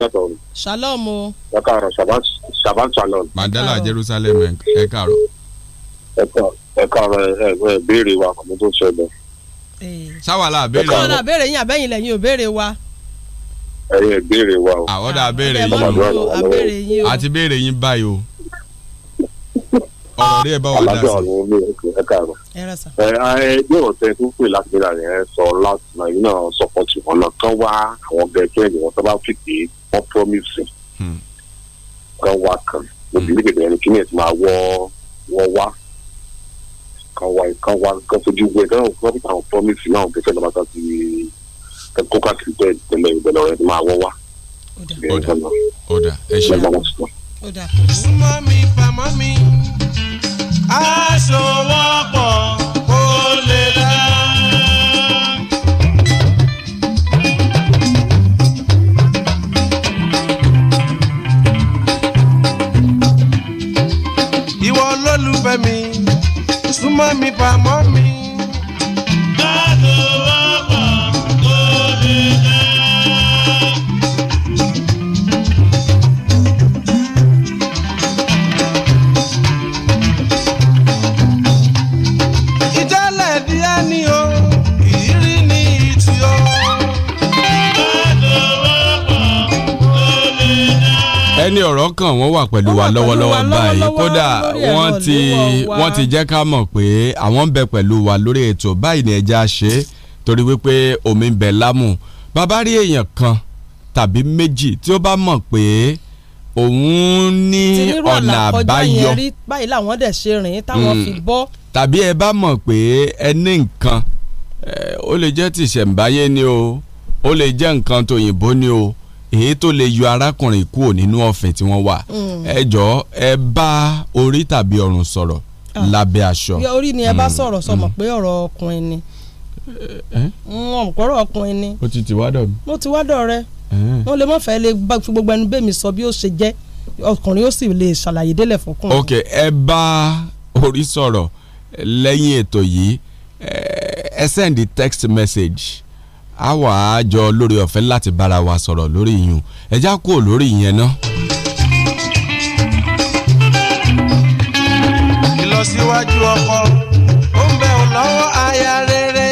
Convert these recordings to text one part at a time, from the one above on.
látọ̀run. shalom o. ẹ káàárọ̀ shaban shalom. mandala jerusalem ẹ káàárọ̀. ẹ káàárọ̀ ẹ béèrè wa kò ní tó ṣẹlẹ̀. sáwàlà eh. béèrè wa. sáwàlà béèrè yín àbẹ́yìn lẹ́yìn ò béèrè wa. ẹyẹ béèrè wa o. àwọ̀dà béèrè yín o àti béèrè yín báyìí o. ọ̀rọ̀ rí ẹ bá wà dá sí. alájọ àwọn omi ẹ káàárọ̀. ẹ ẹ bí ọ̀sẹ̀ tó pè láti gbéra rẹ̀ sọ láti náà ìnáwó sọ̀kọ̀tì ọ̀nà kan wá àwọn gẹ̀ẹ́gẹ́ ìwọ̀n tó bá fìdí ọ̀pọ̀ music hmm. kan wá kan mo bìí bèbè ẹni kíni ẹ̀ ti máa wọ́ wọ́ wá kan wá kan wá kan fojú wẹ̀ kan wọ́n fi àwọn ọ̀pọ̀ music náà kẹfẹ́ lọ́ba ká ti kó káàkiri bẹ́ẹ̀ tẹ́lẹ̀ ìbẹ̀lẹ̀ ọ̀rẹ́ ti máa wọ́ wá. ọ̀dà ọ̀dà ẹ ṣe ọ̀dà. súnmọ́ mi pamọ́ mi aṣọ wọ́pọ̀ kó lè lọ. fẹ́ mi súnmọ́ mi pa mọ́ mi. ẹni ọ̀rọ̀ kan wọ́n wà pẹ̀lú wa lọ́wọ́lọ́wọ́ báyìí kódà wọ́n ti wọ́n ti jẹ́ ká mọ̀ pé àwọn ń bẹ pẹ̀lú wa lórí ètò báyìí ni ẹja ṣe torí wípé omi ń bẹ lámù bàbá rí èèyàn kan tàbí méjì tí ó bá mọ̀ pé òun ní ọ̀nà àbáyọ báyìí làwọn dẹ̀ ṣe rìn táwọn hmm. fi bọ́. tàbí ẹ bá mọ̀ pé ẹ nǹkan ó lè jẹ́ tìṣẹ̀ǹbáyé ni o ó lè jẹ́ nǹkan tòyìnbó ni o èyí tó lè yọ arákùnrin kúrò nínú ọ̀fẹ́ tí wọ́n wà mm. ẹ jọ̀ọ́ ẹ bá orí tàbí ọrùn sọ̀rọ̀ ah. lábẹ́ aṣọ. orí ni ẹ bá mm. sọ̀rọ̀ sọmọ mm. pé ọ̀rọ̀ ọkùnrin ni eh, ọ̀pọ̀rọ̀ ọkùnrin ni. o ti ti wá dọ̀ mi. mo ti wá dọ̀ rẹ eh. mo lè mọ̀ fẹ́ lè fi gbogbo ẹnu bẹ́ẹ̀ mi sọ bí ó ṣe jẹ́ ọkùnrin ó sì lè ṣàlàyé délẹ̀ fọkùnrin. ok ẹ bá orí sọ̀rọ̀ lẹ́yìn ètò yìí eh, ẹ send text message a wà á jọ lórí ọ̀fẹ́ láti bára wa sọ̀rọ̀ lórí ìyún ẹ kúrò lórí ìyẹn náà. ìlọsíwájú ọkọ ó ń bẹ̀ ọ́ lọ́wọ́ aya rere.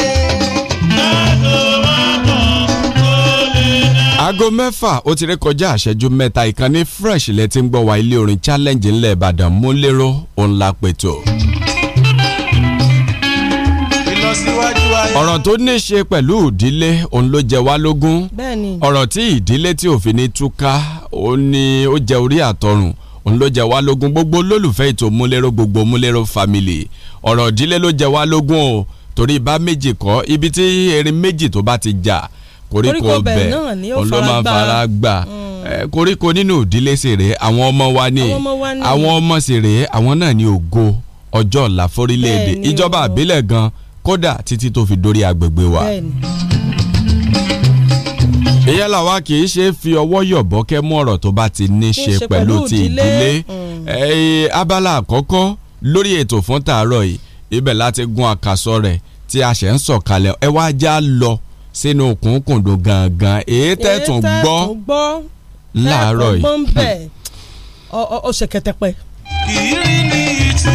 aago mẹ́fà ó ti ré kọjá àṣẹjú mẹ́ta ìkànnì fresh lẹ ti ń gbọ́ wa ilé orin challenge ńlẹ̀ Ìbàdàn múlẹ́rọ́ òun la pètò. ọ̀rọ̀ tó ní ṣe pẹ̀lú ìdílé òun ló jẹ wá lógún ọ̀rọ̀ tí ìdílé tí òfin ní túká ó ní ó jẹ orí àtọrùn òun ló jẹ wá lógún gbogbo olólùfẹ́ ètò múlẹ́rọ gbogbo múlẹ́rọ family ọ̀rọ̀ ìdílé ló jẹ wá lógún o torí bá méjì kọ́ ibi tí erin méjì tó bá ti jà koríko bẹ̀ òun ló máa fara gbà mm. koríko nínú ìdílé sèré àwọn ọmọ wa ni àwọn ọmọ sèré àwọn náà ni ògo ọjọ́ ọ̀la forílẹ̀-èdè ìjọba àbílẹ̀ gan-an kódà títí tó fi dórí agbègbè wa. ìyẹn làwa kì í ṣe fi ọwọ́ yọ̀bọ́kẹ́ mú ọ̀rọ̀ tó bá ti ní ṣe pẹ̀lú ti ìdílé mm. abala àkọ́kọ́ lórí ètò fún tàárọ̀ yìí ibẹ̀ láti gun àkàsọ rẹ̀ tí a ṣẹ̀ ń sọ̀kalẹ̀ ẹ wá já lọ sínú kùnkùndùn gangan èyí tẹ̀tún gbọ́ láàárọ̀ yìí. ọ̀ṣẹ̀kẹ̀tẹ̀pẹ̀. kì í rí ní ìtì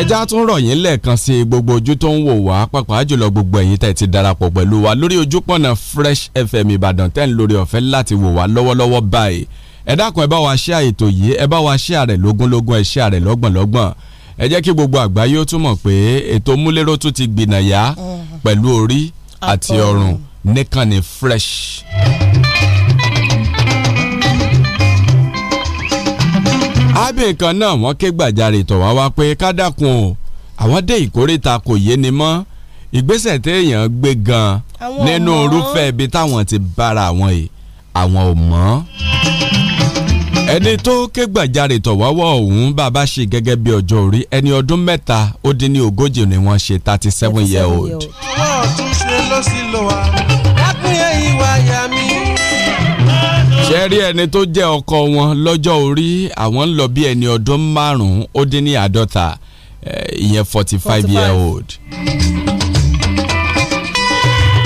ẹja tún rọ̀ yín lẹ́ẹ̀kan sí gbogbo ojú tó ń wò wá pàápàá jùlọ gbogbo ẹ̀yin tẹ̀ ti darapọ̀ pẹ̀lú wa lórí ojúpọ̀nà Fresh FM Ìbàdàn tẹ́ ń lórí ọ̀fẹ́ láti wò wá lọ́wọ́lọ́wọ́ báyìí ẹ ẹ bá wa share ètò yìí ẹ bá wa share rẹ̀ lógúnlógún ẹ share rẹ̀ lọ́gbọ̀nlọ́gbọ̀n ẹ jẹ́ kí gbogbo àgbáyé ó túmọ̀ pé ètò múlẹ́rọ́ tún ti gbìnàyà pẹ̀lú orí àti ọrùn nìkan ni Fresh. arábìnrin kan náà wọ́n ké gbàjarè tọ̀ wá wá pé ká dákun o àwọn dé ìkórìta kò yé ni mọ́ ìgbésẹ̀ téèyàn gbé gan nínú irúfẹ́ ibi táwọn ti bára àwọn yìí àwọn ò mọ̀. ẹni tó ké gbàjarè tọ̀ wọ́wọ́ ọ̀hún bàbá ṣe gẹ́gẹ́ bí ọjọ́ orí ẹni ọdún mẹ́ta ó dín ní ogójì ni wọ́n ṣe thirty seven year old. ọwọ́ ọ̀tún ṣe ló sì lò ṣe rí ẹni tó jẹ́ ọkọ wọn lọ́jọ́ orí àwọn ń lọ bí ẹni ọdún márùn-ún ó dín ní àádọ́ta ìyẹn forty five year old.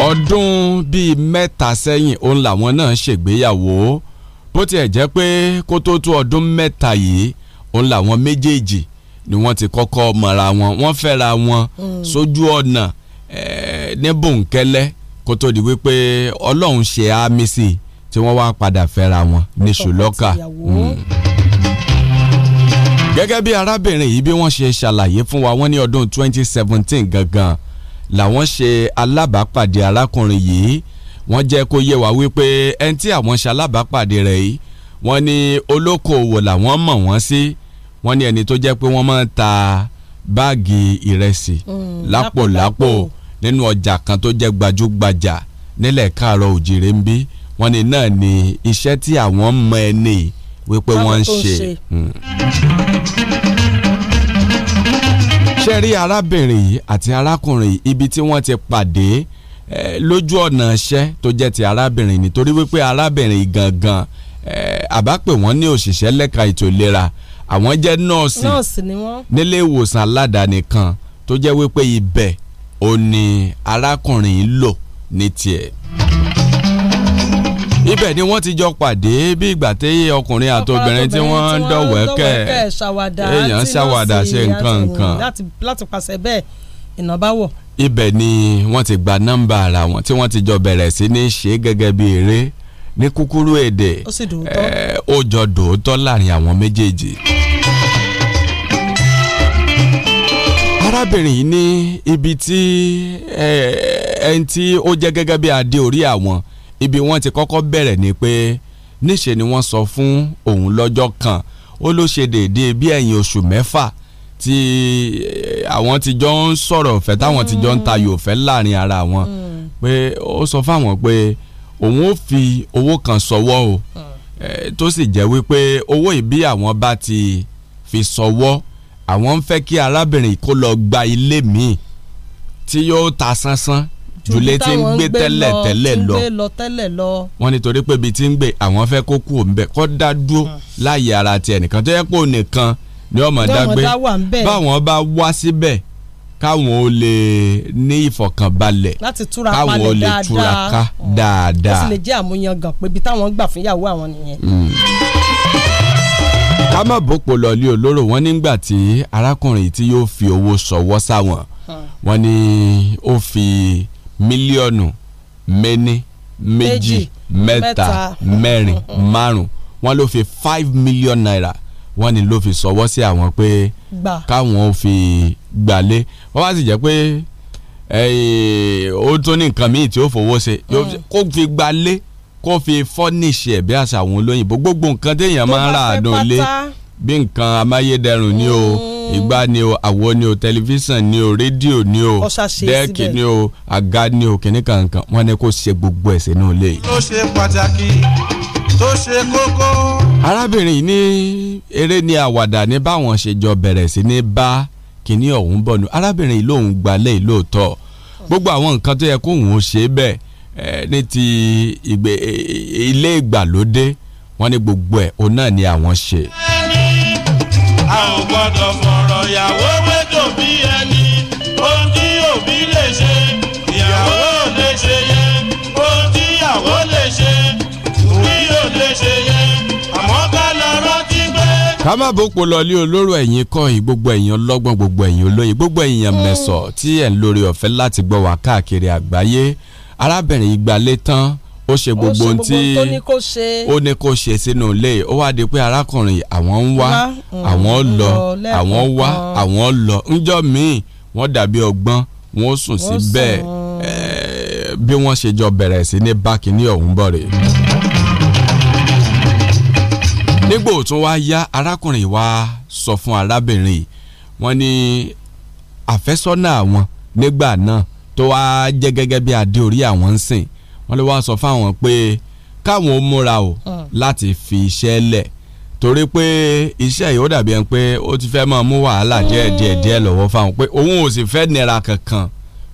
ọdún bíi mẹ́ta sẹ́yìn òun làwọn náà ṣègbéyàwó bó tiẹ̀ jẹ́ pé kó tó tó ọdún mẹ́ta yìí òun làwọn méjèèjì ni wọ́n ti kọ́kọ́ mọ̀ra wọn wọ́n fẹ́ra wọn hmm. sójú ọ̀nà ní bòńkẹ́lẹ́ kó tó di wípé ọlọ́run ṣe àmì sí i tí wọ́n wá padà fẹ́ra wọn ní ṣùlọ́kà. Hmm. gẹ́gẹ́ bí arábìnrin yìí bí wọ́n ṣe ṣàlàyé fún wa wọ́n ní ọdún 2017 gangan làwọn ṣe alábàápàdé arákùnrin yìí wọ́n jẹ́ kó yé wa wípé ẹni tí àwọn ṣe alábàápàdé rẹ̀ yìí wọ́n ní olókoòwò làwọn mọ̀ wọ́n sí wọ́n ní ẹni tó jẹ́ pé wọ́n máa ń ta báàgì ìrẹsì hmm, lápòlápò nínú ọjà kan tó jẹ́ gbajúgbajà nílẹ̀ káàárọ̀ òjìrè ń bí wọ́n ní náà ni iṣẹ́ tí àwọn mọ ẹni wípé wọ́n ń ṣe. Hmm. ṣé rí arábìnrin yìí àti arákùnrin ibi tí wọ́n ti pàdé lójú ọ̀nà iṣẹ́ tó jẹ́ ti arábìnrin nítorí wípé arábìnrin gangan àbápè wọ́n ní òṣìṣẹ́ lẹ́ka ètò ìlera àwọn jẹ́ nọ́ọ̀sì nílé ìwòsàn aládàáni kan tó jẹ́ wípé ibẹ̀ ò ní arákùnrin lò ní tiẹ̀ ibẹ̀ ni wọ́n ti jọ pàdé bí ìgbà téye ọkùnrin àti obìnrin tí wọ́n ń dọ̀wẹ́kẹ̀ èèyàn ṣàwàdà ṣe nǹkan nǹkan. láti pàṣẹ bẹ́ẹ̀ ìnábàwọ̀. ibẹ̀ ni wọ́n ti gba nọ́mbà ara wọn tí wọ́n ti jọ bẹ̀rẹ̀ sí ní ṣe gẹ́gẹ́ bí eré ní kúkúrú èdè ó jọ dòótọ́ láàrin àwọn méjèèjì. arábìnrin yìí ní ibi tí ẹni tí ó jẹ́ gẹ́gẹ́ bí adé orí àwọn ibi wọ́n ti kọ́kọ́ bẹ̀rẹ̀ ni pé níṣe ni wọ́n sọ fún òun lọ́jọ́ kan ó ló ṣe déédéé bí ẹ̀yìn oṣù mẹ́fà tí eh, àwọn ti jọ ń sọ̀rọ̀ ọ̀fẹ́ táwọn ti jọ ń tayò ọ̀fẹ́ láàrin ara wọn mm. pé ó sọ fáwọn pé òun ó fi owó kan sọwọ́ o mm. eh, tó sì jẹ́ wípé owó ìbí àwọn bá ti fi sọwọ́ àwọn ń fẹ́ kí arábìnrin kó lọ gba ilé míì tí yóò ta sánsán ju ilé tí ń gbé tẹ́lẹ̀ tẹ́lẹ̀ lọ wọ́n nítorí pé ibi tí ń gbé àwọn fẹ́ kó kú òǹbẹ kó dá mm. láàyè ara ti ẹnìkan tó yẹ pé nìkan ni ọmọ dágbé báwọn bá wá síbẹ̀ káwọn ó lè ní ìfọ̀kànbalẹ̀ káwọn ó lè túraká dáadáa. ó sì lè jẹ́ àmúyangàn pé ibi táwọn gbà fúnyàwó àwọn nìyẹn mm. ká má bòpò lọ́ọ́lì olóró wọn nígbà tí arákùnrin tí yóò fi owó sọ̀wọ́ sáwọn hmm. wọn ni ó fi mílíọ̀nù méní méjì mẹ́ta mẹ́rin márùn wọ́n ló fi five million naira wọ́n ní ló fi sọwọ́ sí àwọn pé káwọn ò fi gbàlé wọ́n bá sì jẹ́ pé ó tún ní nǹkan míì tí ó fowó ṣe mm. kó fi gbàlé kó fi fọ́nìṣì ẹ̀ bí àṣà àwọn olóyìnbó gbogbo nǹkan téèyàn máa ń rà àdó lé. tó bá fẹ́ pátá bí nǹkan amáyédẹrùn ni o ìgbà mm. ni o àwo ni o tẹlifíṣàn ni o rédíò ni o dẹ́ẹ̀kì ni o àga ni o kìnnì kankan wọ́n ní kó ṣe gbogbo ẹ̀sẹ̀ náà lé. ó ṣe pàtàkì tó ṣe kókó. arábìnrin ní eré ni àwàdà ní báwọn ṣe jọ bẹ̀rẹ̀ sí ní bá kìnnì ọ̀hún bọ̀ nù arábìnrin lòun gbalẹ̀ lóòótọ́ gbogbo àwọn nǹkan tó yẹ kóun ó ṣe bẹ́ẹ̀ ní ti e, e, ilé ìgbàlódé wọ́n ní gbogbo ẹ̀ òun náà ni àwọn ṣe a ò gbọ́dọ̀ fọ̀rọ̀ yàwó wétò bí ẹni ohun tí òbí lè ṣe ìyàwó ò lè ṣe yẹn ohun tí ìyàwó lè ṣe òbí ò lè ṣe yẹn àmọ́ ká lọ rántí pé. ká má bòpò lọlé olóró ẹ̀yìn kọ́ yìí gbogbo ẹ̀yìn ọlọ́gbọ́n gbogbo ẹ̀yìn olóyè gbogbo ẹ̀yìn mẹ̀sọ̀ tí ẹ̀ ń lórí ọ̀fẹ́ láti gbọ́ wá káàkiri àgbáyé arábìnrin ìgbàlẹ̀ ó ṣe gbogbo ohun tí ó ní kó ṣe sínú ilé ó wá di pé arákùnrin àwọn ń wá mm, àwọn mm, lọ àwọn wá àwọn lọ ńjọ́ míì wọ́n dàbí ọgbọ́n wọ́n sùn sí bẹ́ẹ̀ eh, bí wọ́n ṣe jọ bẹ̀rẹ̀ sí ní báàkì ní ọ̀hún rèé nígbà òtún wá yá arákùnrin wa sọ fún arábìnrin wọn ní àfẹ́sọ́nà àwọn nígbà náà tó wá jẹ́ gẹ́gẹ́ bí adé orí àwọn ń sìn wọ́n lè wá sọ fáwọn pé káwọn ó múra o hmm. láti fi iṣẹ́ lẹ̀ torí pé iṣẹ́ yìí ó dàbí ẹni pé ó ti fẹ́ máa mú wàhálà díẹ̀ díẹ̀ hmm. díẹ̀ lọ́wọ́ fáwọn pé òun ò sì fẹ́ nira kankan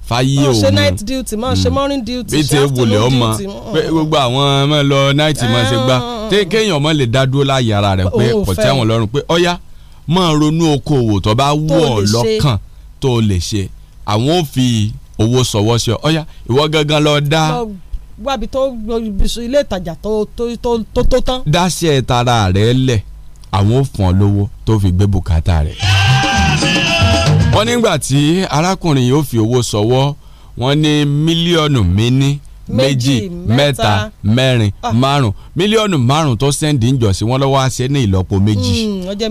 fáyé òun ṣe night duty máa ṣe hmm. morning duty ṣe afternoon duty pé gbogbo àwọn ọmọ lọ night máa ṣe gbá kéèyàn ọmọ lè dá dúró láàyè ara rẹ̀ pé kò tẹ́wọ̀n lọ́rùn pé ọ̀yá máa ronú okòwò tó bá wù ọ́ lọ́kàn tó lè ṣe àwọn ò fi owó sọ̀wọ́ sí ọ̀yá ìwọ gangan lọ dá wábi tó ilé ìtajà tó tó tó tán. dáṣẹ́ tara rẹ̀ lẹ̀ àwọn ò fọ́n lówó tó fi gbé bùkátà rẹ̀. wọ́n nígbà tí arákùnrin yóò fi owó sọwọ́ wọ́n ní mílíọ̀nù mínní méjì mẹ́ta mẹ́rin ah. márùn mílíọ̀nù márùn tó sẹ́ndì ń jọ sí wọn lọ́wọ́ àṣẹ ní ìlọ́po méjì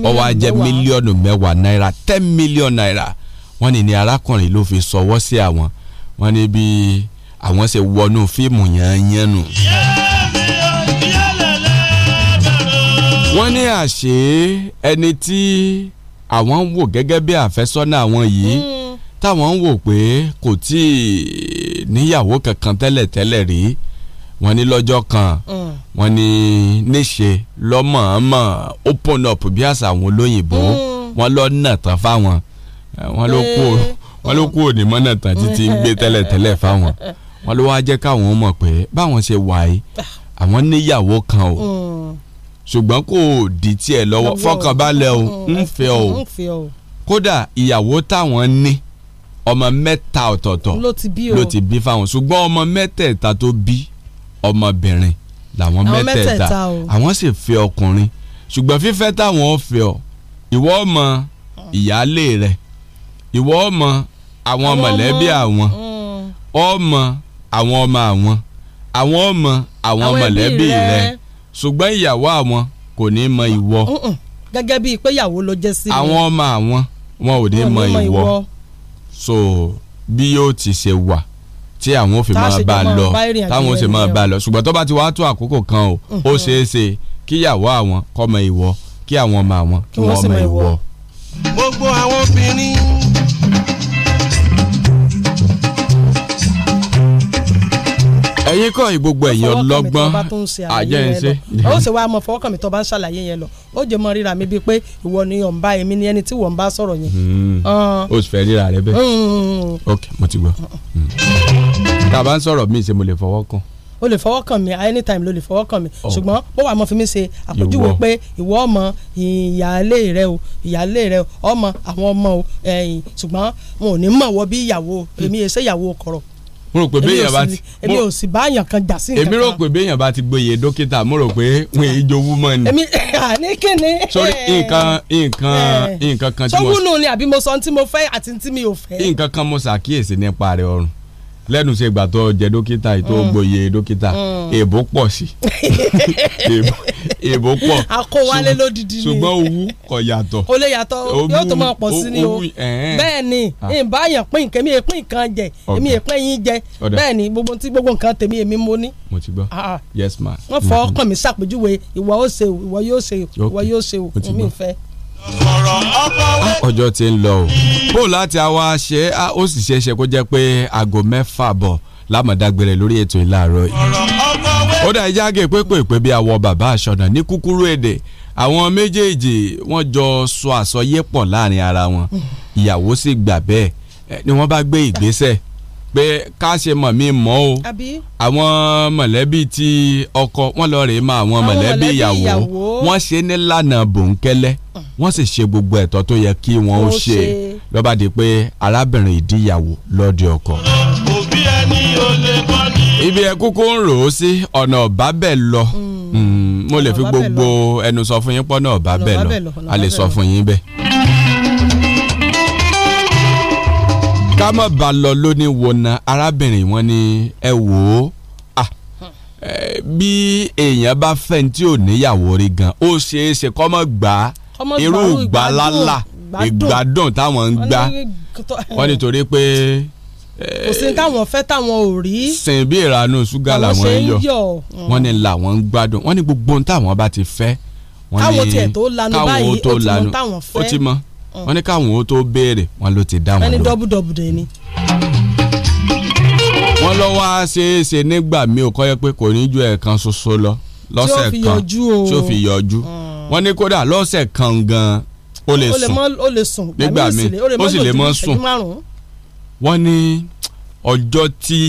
ọwọ́ hmm, àjẹ mílíọ̀nù mẹ́wàá náírà ten million naira wọ́n ní ní arákùnrin ló fi sọwọ́ sí àwọn wọ́n ní bíi àwọn ṣe wọnú fíìmù yẹn nù. wọ́n ní àṣé ẹni tí àwọn ń wò gẹ́gẹ́ bí àfẹ́sọ́nà àwọn yìí hmm. táwọn ń wò pé kò tí ì níyàwó kankan tẹ́lẹ̀ tẹ́lẹ̀ rí wọ́n ní lọ́jọ́ kan hmm. wọ́n ní níṣe lọ́mọ̀ọ́mọ̀ open up bí àṣà àwọn olóyìnbó hmm. wọ́n lọ nà tán fáwọn wọ́n ló kú òní eh. mọ́nà tán títí ń gbé tẹ́lẹ̀ tẹ́lẹ̀ fáwọn wọn ló wáá jẹ́ káwọn mọ̀ pé báwọn ṣe wà yìí àwọn níyàwó kan o mm. ṣùgbọ́n kò di tiẹ̀ lọ́wọ́ fọkànbalẹ̀ mm. o ń fẹ́ o kódà ìyàwó táwọn ní ọmọ mẹ́ta ọ̀tọ̀ọ̀tọ̀ ló ti bí fáwọn ṣùgbọ́n ọmọ mẹ́tẹ̀ẹ̀ta tó bí ọmọbìnrin làwọn mẹ́tẹ̀ẹ̀ta àwọn sì fẹ́ ọkùnrin ṣùgbọ́n fífẹ́ táwọn fẹ́ ọ ìwọ ọmọ ìyáálé rẹ ìwọ ọmọ àwọn mọ̀lẹ́bí àwọn ọmọ mm àwọn ọmọ àwọn àwọn ọmọ àwọn mọ̀lẹ́bí rẹ ṣùgbọ́n ìyàwó àwọn kò ní mọ ìwọ. gẹ́gẹ́ bíi pé ìyàwó ló jẹ́ sí mi. àwọn ọmọ àwọn wọn ò ní mọ ìwọ so bí yóò ti ṣe wà tí àwọn ò fi máa bá a lọ táwọn ò sì máa bá a lọ ṣùgbọ́n tó bá ti wá tó àkókò kan o ó ṣeé ṣe kíyàwó àwọn kọ́ mọ ìwọ kí àwọn ọmọ àwọn kí wọ́n mọ ìwọ. gbogbo àwọn obìnrin ẹ̀yin kọ́ gbogbo ẹ̀yin ọlọ́gbọ́n àjẹ́ ń ṣe. ó sì wá mọ fọwọ́kàn tó bá ń ṣàlàyé yẹn lọ ó jẹ́ mọ ríra mi bíi pé ìwọ ni ò ń bá èmi ni ẹni tí wọ́n ń bá sọ̀rọ̀ yẹn. ó hmm. sì fẹ́ ríra rẹ bẹ́ẹ̀ hmm. ok mo ti gbọ́. Hmm. tàbá ń sọ̀rọ̀ mi ṣe mo lè fọwọ́ kàn o lè fọwọ́ kàn mí anytime ló lè fọwọ́ kàn mí ṣùgbọ́n ó wà mọ́ fi mí ṣe àpèjúwe pé ìwọ ọmọ ìyáálé rẹ o ìyáálé rẹ ọmọ àwọn ọmọ o ṣùgbọ́n wọn ò ní mọ̀ wọ bí ìyàwó mo rò pé béèyàn bá ti èmi ò sì bá yàn kan jà sí nǹkan kan èmi rò pé béèyàn bá ti gboyè dókítà mo rò pé wọn èyí jowú mọ ni. èmi ní kíni. sori nǹkan nǹkan eh. nǹkan kan tí mo. sọ́wọ́nù ni àbí mo sọ ohun tí mo fẹ́ àti ohun tí mi ò fẹ́. nǹkan kan mo ṣàkíyèsí nípa rẹ̀ ọrùn lẹ́nu ṣe ìgbà tó jẹ dókítà ètò ògbóye mm. dókítà mm. èbó pọ̀ sí èbó pọ̀ akówálé lódìdí ni ṣùgbọ́n owó kò yàtọ̀ ó lè yàtọ̀ yóò tó máa pọ̀ sí ni o bẹ́ẹ̀ ni ah. ìbáyàn pín nǹkan mi èpín nǹkan jẹ èmi èpín yín jẹ bẹ́ẹ̀ ni gbogbo tí gbogbo nǹkan tèmi èmi mo ní. mo ti gbọ́ ah, ah. yes ma. wọ́n fọ mm-hmm. ọkàn mi ṣàpèjúwe ìwọ yóò ṣe o ìwọ yóò ṣe o ìwọ yóò ṣe o mi fẹ́ ọjọ́ ti ń lọ o bó láti àwa ṣe ó sì ṣeéṣe kó jẹ́ pé aago mẹ́fà bọ̀ lámọ̀dágbére lórí ètò ìlàrọ̀ yìí ó dà ìjà gé pépèpé bí àwọ̀ bàbá àṣọ̀nà ní kúkúrú èdè àwọn méjèèjì wọ́n jọ sọ àsọyé pọ̀ láàrin ara wọn ìyàwó sì gbà bẹ́ẹ̀ ni wọ́n bá gbé ìgbésẹ̀ pé ká ṣe mọ̀ mí mọ́ o àwọn mọ̀lẹ́bí tí ọkọ wọn lọ rèé ma àwọn mọ̀lẹ́bí ìyàwó wọn ṣe nílànà bòńkẹ́lẹ́ mm. wọ́n sì ṣe gbogbo ẹ̀tọ́ tó yẹ kí wọ́n ó ṣe ló di pé arábìnrin ìdíyàwó lọ́dẹ ọkọ. ibi ẹ kúkú ń rò ó sí ọ̀nà ọ̀bá bẹ́ẹ̀ lọ mm. Mm, mo lè fi gbogbo ẹnu sọ fún yín pọ́nà ọ̀bá bẹ́ẹ̀ lọ a lè sọ fún yín bẹ́ẹ̀. ká mọ̀ bá lọ lónìí wọ̀nà arábìnrin wọn ni ẹ wò ó bí èèyàn bá fẹ́ ní tí ò níyàwó rí gan ó ṣeé ṣe kọ́ mọ̀ gbà irú ìgbàlálà ìgbádùn táwọn ń gbà wọ́n nítorí pé kò sí táwọn fẹ́ táwọn ò rí. sìn bí ìranú ṣúgà làwọn ń yọ wọ́n ní làwọn ń gbádùn wọ́n ní gbogbo ohun táwọn bá ti fẹ́. káwọn tiẹ̀ tó lanu báyìí ó ti mọ táwọn fẹ́. Mm. wọ́n ní káwọn ó tó béèrè wọ́n ló ti dá wọn lọ. wọ́n ní dọ́bùdọ́bù dẹ̀ ni. wọ́n lọ wá ṣeéṣe nígbà míì ó kọ́yẹ́ pé kò ní ju ẹ̀ẹ̀kan ṣoṣo lọ lọ́sẹ̀ kan tí ó fi yọjú mm. wọ́n ní kódà lọ́sẹ̀ kan gan-an ó lè sùn nígbà míì ó sì lè mọ́ sùn wọ́n ní ọjọ́ tí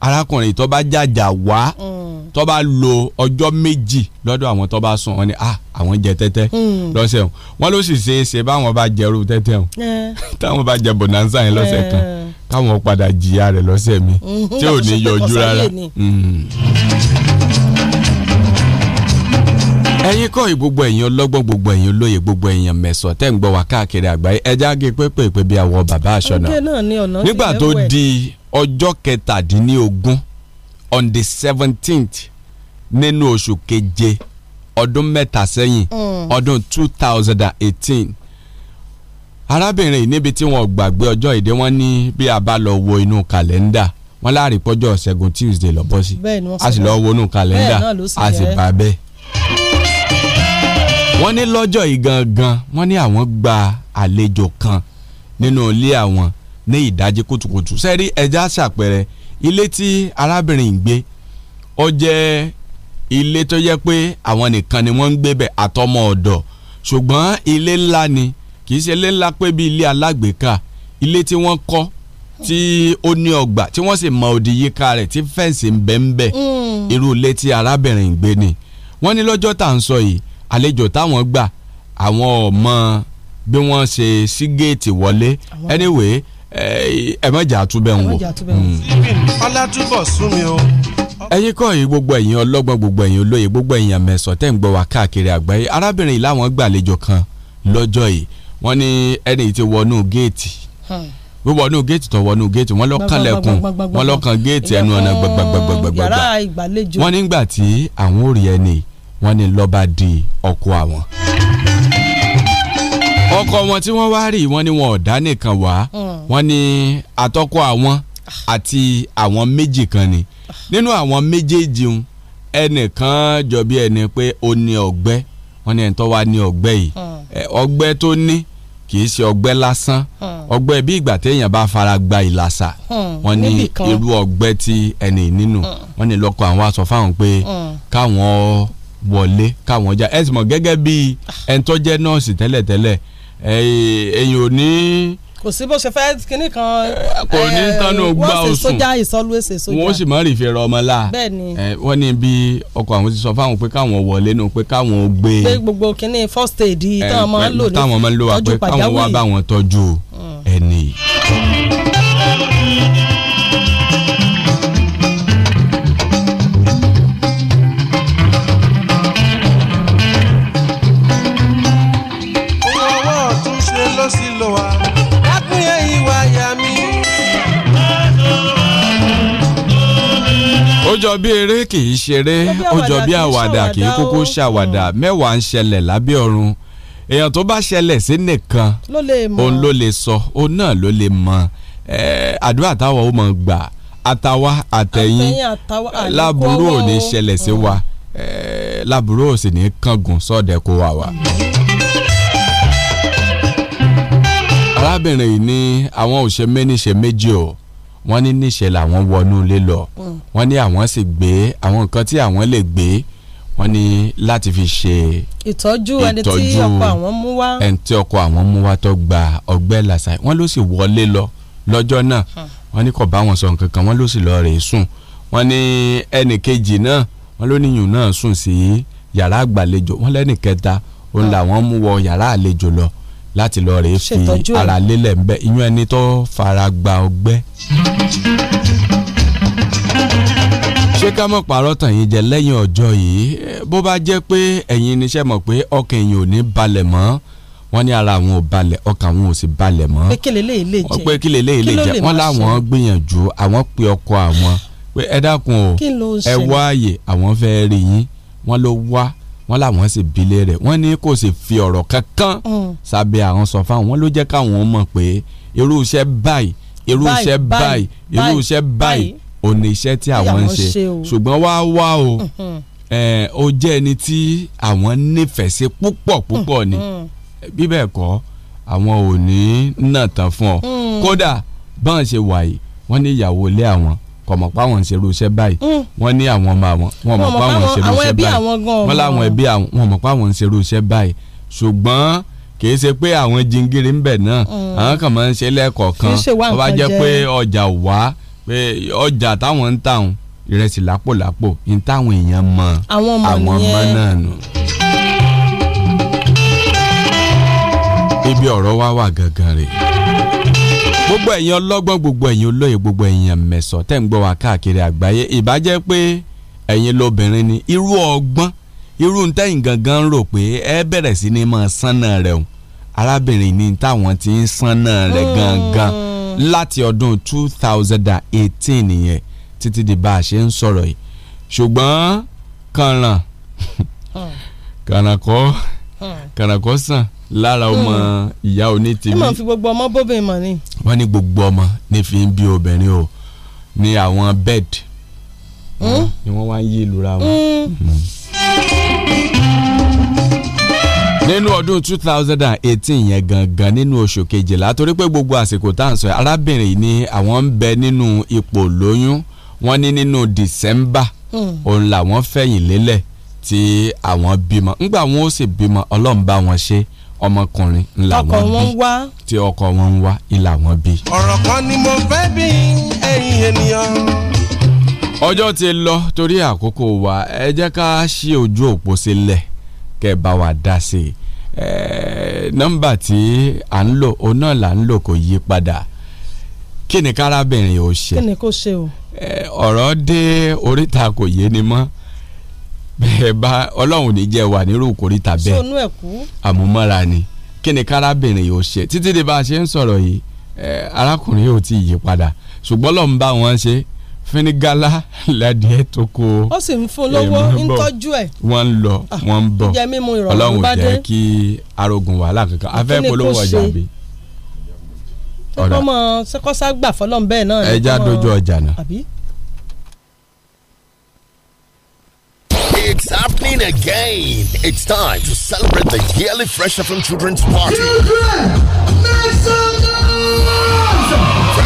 arákùnrin tó bá jàjà wá mm. tó bá lo ọjọ́ méjì lọ́dọ̀ àwọn tó bá sùn wọn ni ah àwọn jẹ tẹ́tẹ́ mm. lọ́sẹ̀ o wọn ló sì ṣe é ṣe báwọn bá jẹrú tẹ́tẹ́ o eh. táwọn bá jẹ bonanza yẹn lọ́sẹ̀ kan eh. káwọn padà jìyà rẹ̀ lọ́sẹ̀ mi mm-hmm. tí ò ní yọjú rárá. Mm. ẹ̀yin kọ́ gbogbo ẹ̀yin ọlọ́gbọ́n gbogbo ẹ̀yin olóye gbogbo ẹ̀yin mẹ̀sàn tẹ́ ń gbọ́ wá káàkiri àgbáyé ẹja gé pépè pé bí àwọn bàbá aṣọ náà nígbà tó di ọjọ́ kẹtàdínlógún on the seventeenth nínú oṣù keje ọdún mẹ́ta sẹ́yìn mm. ọdún two thousand and eighteen arábìnrin yìí níbi tí wọ́n gbàgbé ọjọ́ èdè wọn ní bí a bá lọ wo inú kàlẹ́ndà wọn láàrin pọ́jọ́ ṣẹ́gun tuesday lọ́bọ̀ sí a sì lọ́ọ́ wo inú kàlẹ́ndà a sì bá bẹ́ẹ̀. wọ́n ní lọ́jọ́ yìí gangan wọ́n ní àwọn gba àlejò kan nínú ilé àwọn ní ìdájí kùtùkùtù sẹ́rí ẹja ṣàpẹẹrẹ ilé tí arábìnrin ń gbé ó jẹ́ ilé tó yẹ pé àwọn nìkan ni wọ́n ń gbé bẹ̀ àtọmọ ọ̀dọ̀ ṣùgbọ́n ilé ńlá ni kì í ṣe ilé ńlá pé bí ilé alágbèéká ilé tí wọ́n kọ́ tí ó ní ọgbà tí wọ́n sì mọ òdì yíká rẹ̀ tí fẹ́ǹsì ń bẹ ń bẹ mm. irú ilé tí arábìnrin gbé ni wọ́n ní lọ́jọ́ tá à ń sọ yìí àlejò táwọn gbà àwọn ọmọ bí wọ́n ṣe sí géètì wọlé anyway ẹ má jà àtúbẹ̀ ń wò. Hmm. ọlátúbọ̀ sún mi o. ẹ̀yin kọ́ yìí gbogbo ẹ̀yin ọlọ́gbọ́n gbogbo ẹ̀yin olóye gbogbo ẹ̀yin àmẹ́sọ̀ tẹ́ ń gbọ́ wá káàkiri àgbáyé arábìnrin láwọn gbàlejò kan lọ́jọ́ yìí wọ́n ní ẹni tí wọnú géètì wíwọnú hmm. géètì tó wọnú géètì wọ́n lọ́kànlẹ̀kùn wọ́n lọ́kàn géètì ẹnu ọ̀nà gbàgbàgbàgbàgbà wọ́n nígbà tí àwọn ò rí ẹni wọ́n ní lọ́ba di ọkọ àwọn ọkọ wọn tí wọ́n wá rí wọn ni wọn ò dá nìkan wá hmm. wọn ni atọ́kọ àwọn àti àwọn méjì kan ni nínú àwọn méjèèjì ń ẹnìkan jọ bí ẹni pé ó ní ọgbẹ́ wọn ni ẹ̀ńtọ́ wa ní ọgbẹ́ yìí hmm. ọgbẹ́ tó ní kì í ṣe ọgbẹ́ lásán hmm. ọgbẹ́ bí ìgbà téèyàn bá fara gba ìlàsà wọn ní irú ọgbẹ́ tí ẹni nínú wọn ni lọ́kọ àwọn aṣọ fáwọn pé káwọn wọlé káwọn já ẹ sì mọ̀ gẹ́gẹ́ bí ah. ẹni tó jẹ́ nọ́ọ̀sì tẹ́lẹ̀tẹ́lẹ̀ ẹ̀yìn ò ní. kò sí bó ṣe fẹ́ kínní kan. Eh, kò ní eh, tánú gbà oṣù wọ́n ṣe sójà ìsọlú ẹ̀ṣẹ̀ sójà. wọ́n sì má rí ìfẹ́ rọ ọmọ la. bẹ́ẹ̀ni. Eh, wọ́n ní bí ọkọ̀ àwọn ti sọ fáwọn pé káwọn wọlé nù pé káwọn gbé. pé gbogbo kínní first aid táwọn máa ń lò ní tọ́jú pàjáwìrì táwọn máa ń lò wá pé káwọn wá bá wọn tọ́jú hmm. ẹni. ó jọ bí eré kì í ṣeré ó jọ bí àwàdà kì í kúkú ṣàwàdà hmm. mẹ́wàá ń ṣẹlẹ̀ lábẹ́ ọ̀run èèyàn tó bá ṣẹlẹ̀ sí nìkan òun ló lè sọ òun náà ló lè mọ àdúrà táwa ó mọ gbà àtàwa àtẹ̀yìn láburú ò ní ṣẹlẹ̀ sí wa láburú ò sì ní kángun sọ́ọ̀dẹ̀ kó wa wa. arábìnrin yìí ní àwọn ò méjì o wọ́n ní níṣẹ́ làwọn wọnú ilé lọ hmm. wọ́n ní àwọn sì gbé àwọn nǹkan tí àwọn lè gbé wọ́n ní láti fi ṣe ìtọ́jú ẹni tí ọkọ àwọn mú wá ẹni tí ọkọ àwọn mú wá tó gba ọgbẹ́ làṣà wọ́n ló sì wọlé lọ lọ́jọ́ náà hmm. wọ́n ní kò bá wọn sọ nǹkan kan wọ́n ló sì lọ rèé sùn wọ́n ní ẹnì kejì náà wọ́n ló níyùn náà sùn sí yàrá àgbàlejò wọ́n lẹ́nì kẹta òun hmm. làwọn mú wọ yàrá àlejò lọ láti lọ rèé fi ara lélẹ̀ ń bẹ́ iyún ẹni tó fara gba ọgbẹ́. ṣé ká mọ̀ pàrọ̀ tàn yín jẹ lẹ́yìn ọjọ́ yìí bó bá jẹ́ pé ẹ̀yin níṣẹ́ mọ̀ pé ọkàn èèyàn ò ní balẹ̀ mọ́ wọ́n ní ara àwọn ò balẹ̀ ọkàn àwọn ò sì balẹ̀ mọ́ pé kílè léyìí lè jẹ́ pé kílè léyìí lè jẹ́ wọ́n láwọn gbìyànjú àwọn pe ọkọ àwọn pé ẹ dákun o ẹ wá àyè àwọn fẹ́ rí yín wọ́n ló wá wọ́n làwọn sì bilé rẹ̀ wọ́n ní kò sì fi ọ̀rọ̀ kankan mm. sábẹ́ àwọn sọ fáwọn wọ́n ló jẹ́ káwọn mọ̀ pé irú iṣẹ́ báyìí irú iṣẹ́ báyìí irú iṣẹ́ báyìí òní iṣẹ́ tí àwọn ń ṣe ṣùgbọ́n wá wá o mm-hmm. ó jẹ́ ẹni tí àwọn nífẹ̀ẹ́ sí púpọ̀ púpọ̀ ni mm-hmm. bí bẹ́ẹ̀ kọ́ àwọn ò ní nà tán fún ọ mm. kódà báwọn ṣe wà yìí ní ìyàwó ilé àwọn kò mọ̀ pé àwọn ń ṣe iṣẹ́ báyìí mm. wọ́n ní àwọn ọmọ àwọn wọ́n mọ̀ pé àwọn ń iṣẹ́ báyìí wọ́n láwọn ẹbí àwọn wọ́n mọ̀ pé àwọn ń iṣẹ́ báyìí ṣùgbọ́n kì í ṣe pé àwọn jingiri ń bẹ̀ náà mm. àwọn kan máa ń ṣe lẹ́ẹ̀kọ̀ọ̀kan wọ́n bá jẹ́ pé ọjà wá pé ọjà táwọn ń tàun ìrẹsì lápòlápò ní táwọn èèyàn mọ àwọn ọmọ náà nù. ibi ọ̀rọ̀ wa wà gangan rèé gbogbo ẹ̀yin ọlọ́gbọ́n gbogbo ẹ̀yin olóye gbogbo ẹ̀yin mẹ̀sọ̀ tẹ́ ń gbọ́ wá káàkiri àgbáyé ìbàjẹ́ pé ẹ̀yin lóbìnrin ni irú ọgbọ́n irú ntẹ́yìn gangan rò pé ẹ bẹ̀rẹ̀ sí ni máa sánà rẹ̀ o arábìnrin ni táwọn ti ń sánà rẹ̀ hmm. gangan láti ọdún two nìyẹn títí di bá a ṣe ń sọ̀rọ̀ yìí ṣùgbọ́n kànràn hmm. kànràn kọ́ hmm. kànràn kọ́ sàn lára ọmọ hmm. ìyá òní tèmi. ẹ máa fi gbogbo ọmọ bóbìn mọ ni. wọ́n ní gbogbo ọmọ ní fi ń bí obìnrin o ní àwọn bed hmm? Hmm? ni wọ́n wá ń yí ìlú ra wọn. nínú ọdún two thousand and eighteen yẹn gangan nínú oṣù kejìlá torí pé gbogbo àsìkò tá à ń sọ arábìnrin ni àwọn ń bẹ nínú ipò lóyún wọ́n ní nínú December òun làwọn fẹ̀yìn lélẹ̀ tí àwọn bímọ ńgbà wọn ó sì bímọ ọlọ́run bá wọn ṣe ọmọkùnrin ńlá wọn bí tí ọkọ wọn ń wá ìlà wọn bí. ọ̀rọ̀ kan ni mo fẹ́ bí ẹ̀yin ènìyàn. ọjọ́ ti lọ torí àkókò wa ẹ jẹ́ ká ṣí ojú òpó sílẹ̀ kẹ́ ẹ bá wa dá sí i nọ́mbà tí à ń lò òun náà là ń lò kò yí padà kí ni kárábìnrin ò ṣe kí ni kò ṣe o ọ̀rọ̀ dé oríta kò yé ni mọ́ bẹ́ẹ̀ bá ọlọ́run ní jẹ́ wà nírú kòríta bẹ́ẹ̀ sọnù ẹ̀ kú àmúmọ́ra ni kí ni kárábìnrin yóò ṣe títí di bá a ṣe ń sọ̀rọ̀ yìí arákùnrin yóò ti yí padà ṣùgbọ́n lọ́n bá wọn ṣe finigala ladìẹ tó kó ó sì ń fún lọ́wọ́ ń tọ́jú ẹ̀ wọ́n ń lọ ah, wọ́n ń bọ̀ ọlọ́run jẹ́ kí arógun wàhálà kankan afẹ́ polówó ọjà bí ọ̀dà ọmọ sẹ́kọ́sá gbà fọlọ́ọ̀ bẹ́ẹ̀ náà ẹja dojú ọjà náà It's happening again. It's time to celebrate the yearly Fresh from Children's Party. Children, make some noise!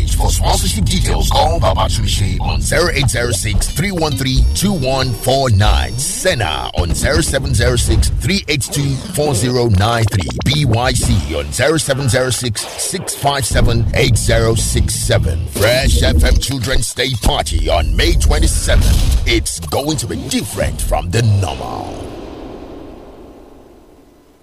page for sponsorship details, call Baba Chumishe on 0806-313-2149. Senna on 0706-382-4093. BYC on 0706-657-8067. Fresh FM Children's Day Party on May 27th. It's going to be different from the normal.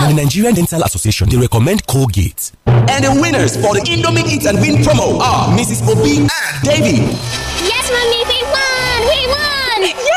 Now, the Nigerian Dental Association, they recommend Colgate. And the winners for the Indomie Eat and Win promo are Mrs. Obi and Davy. Yes, Mommy, we won! We won!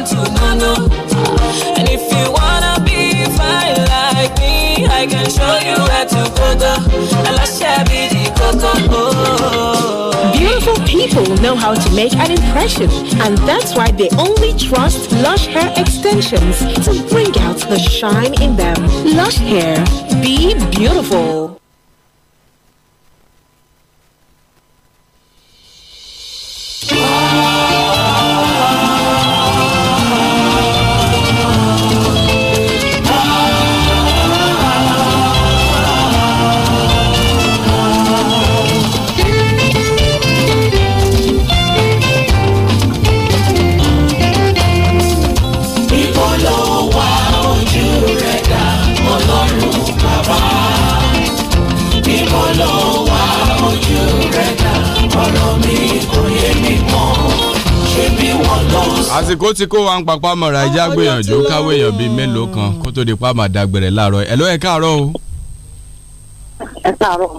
want to know. And if you wanna be fine like me, I can show you where to go. go. Oh. Beautiful people know how to make an impression, and that's why they only trust Lush Hair Extensions to bring out the shine in them. Lush Hair, be beautiful. ti kó wa ń papá mọ̀ra ẹja gbìyànjú káwé èèyàn bíi mélòó kan kó tó di pa máa dágbére láàárọ̀ ẹ̀ ló ẹ̀ káàárọ̀ o. ẹ káàárọ̀.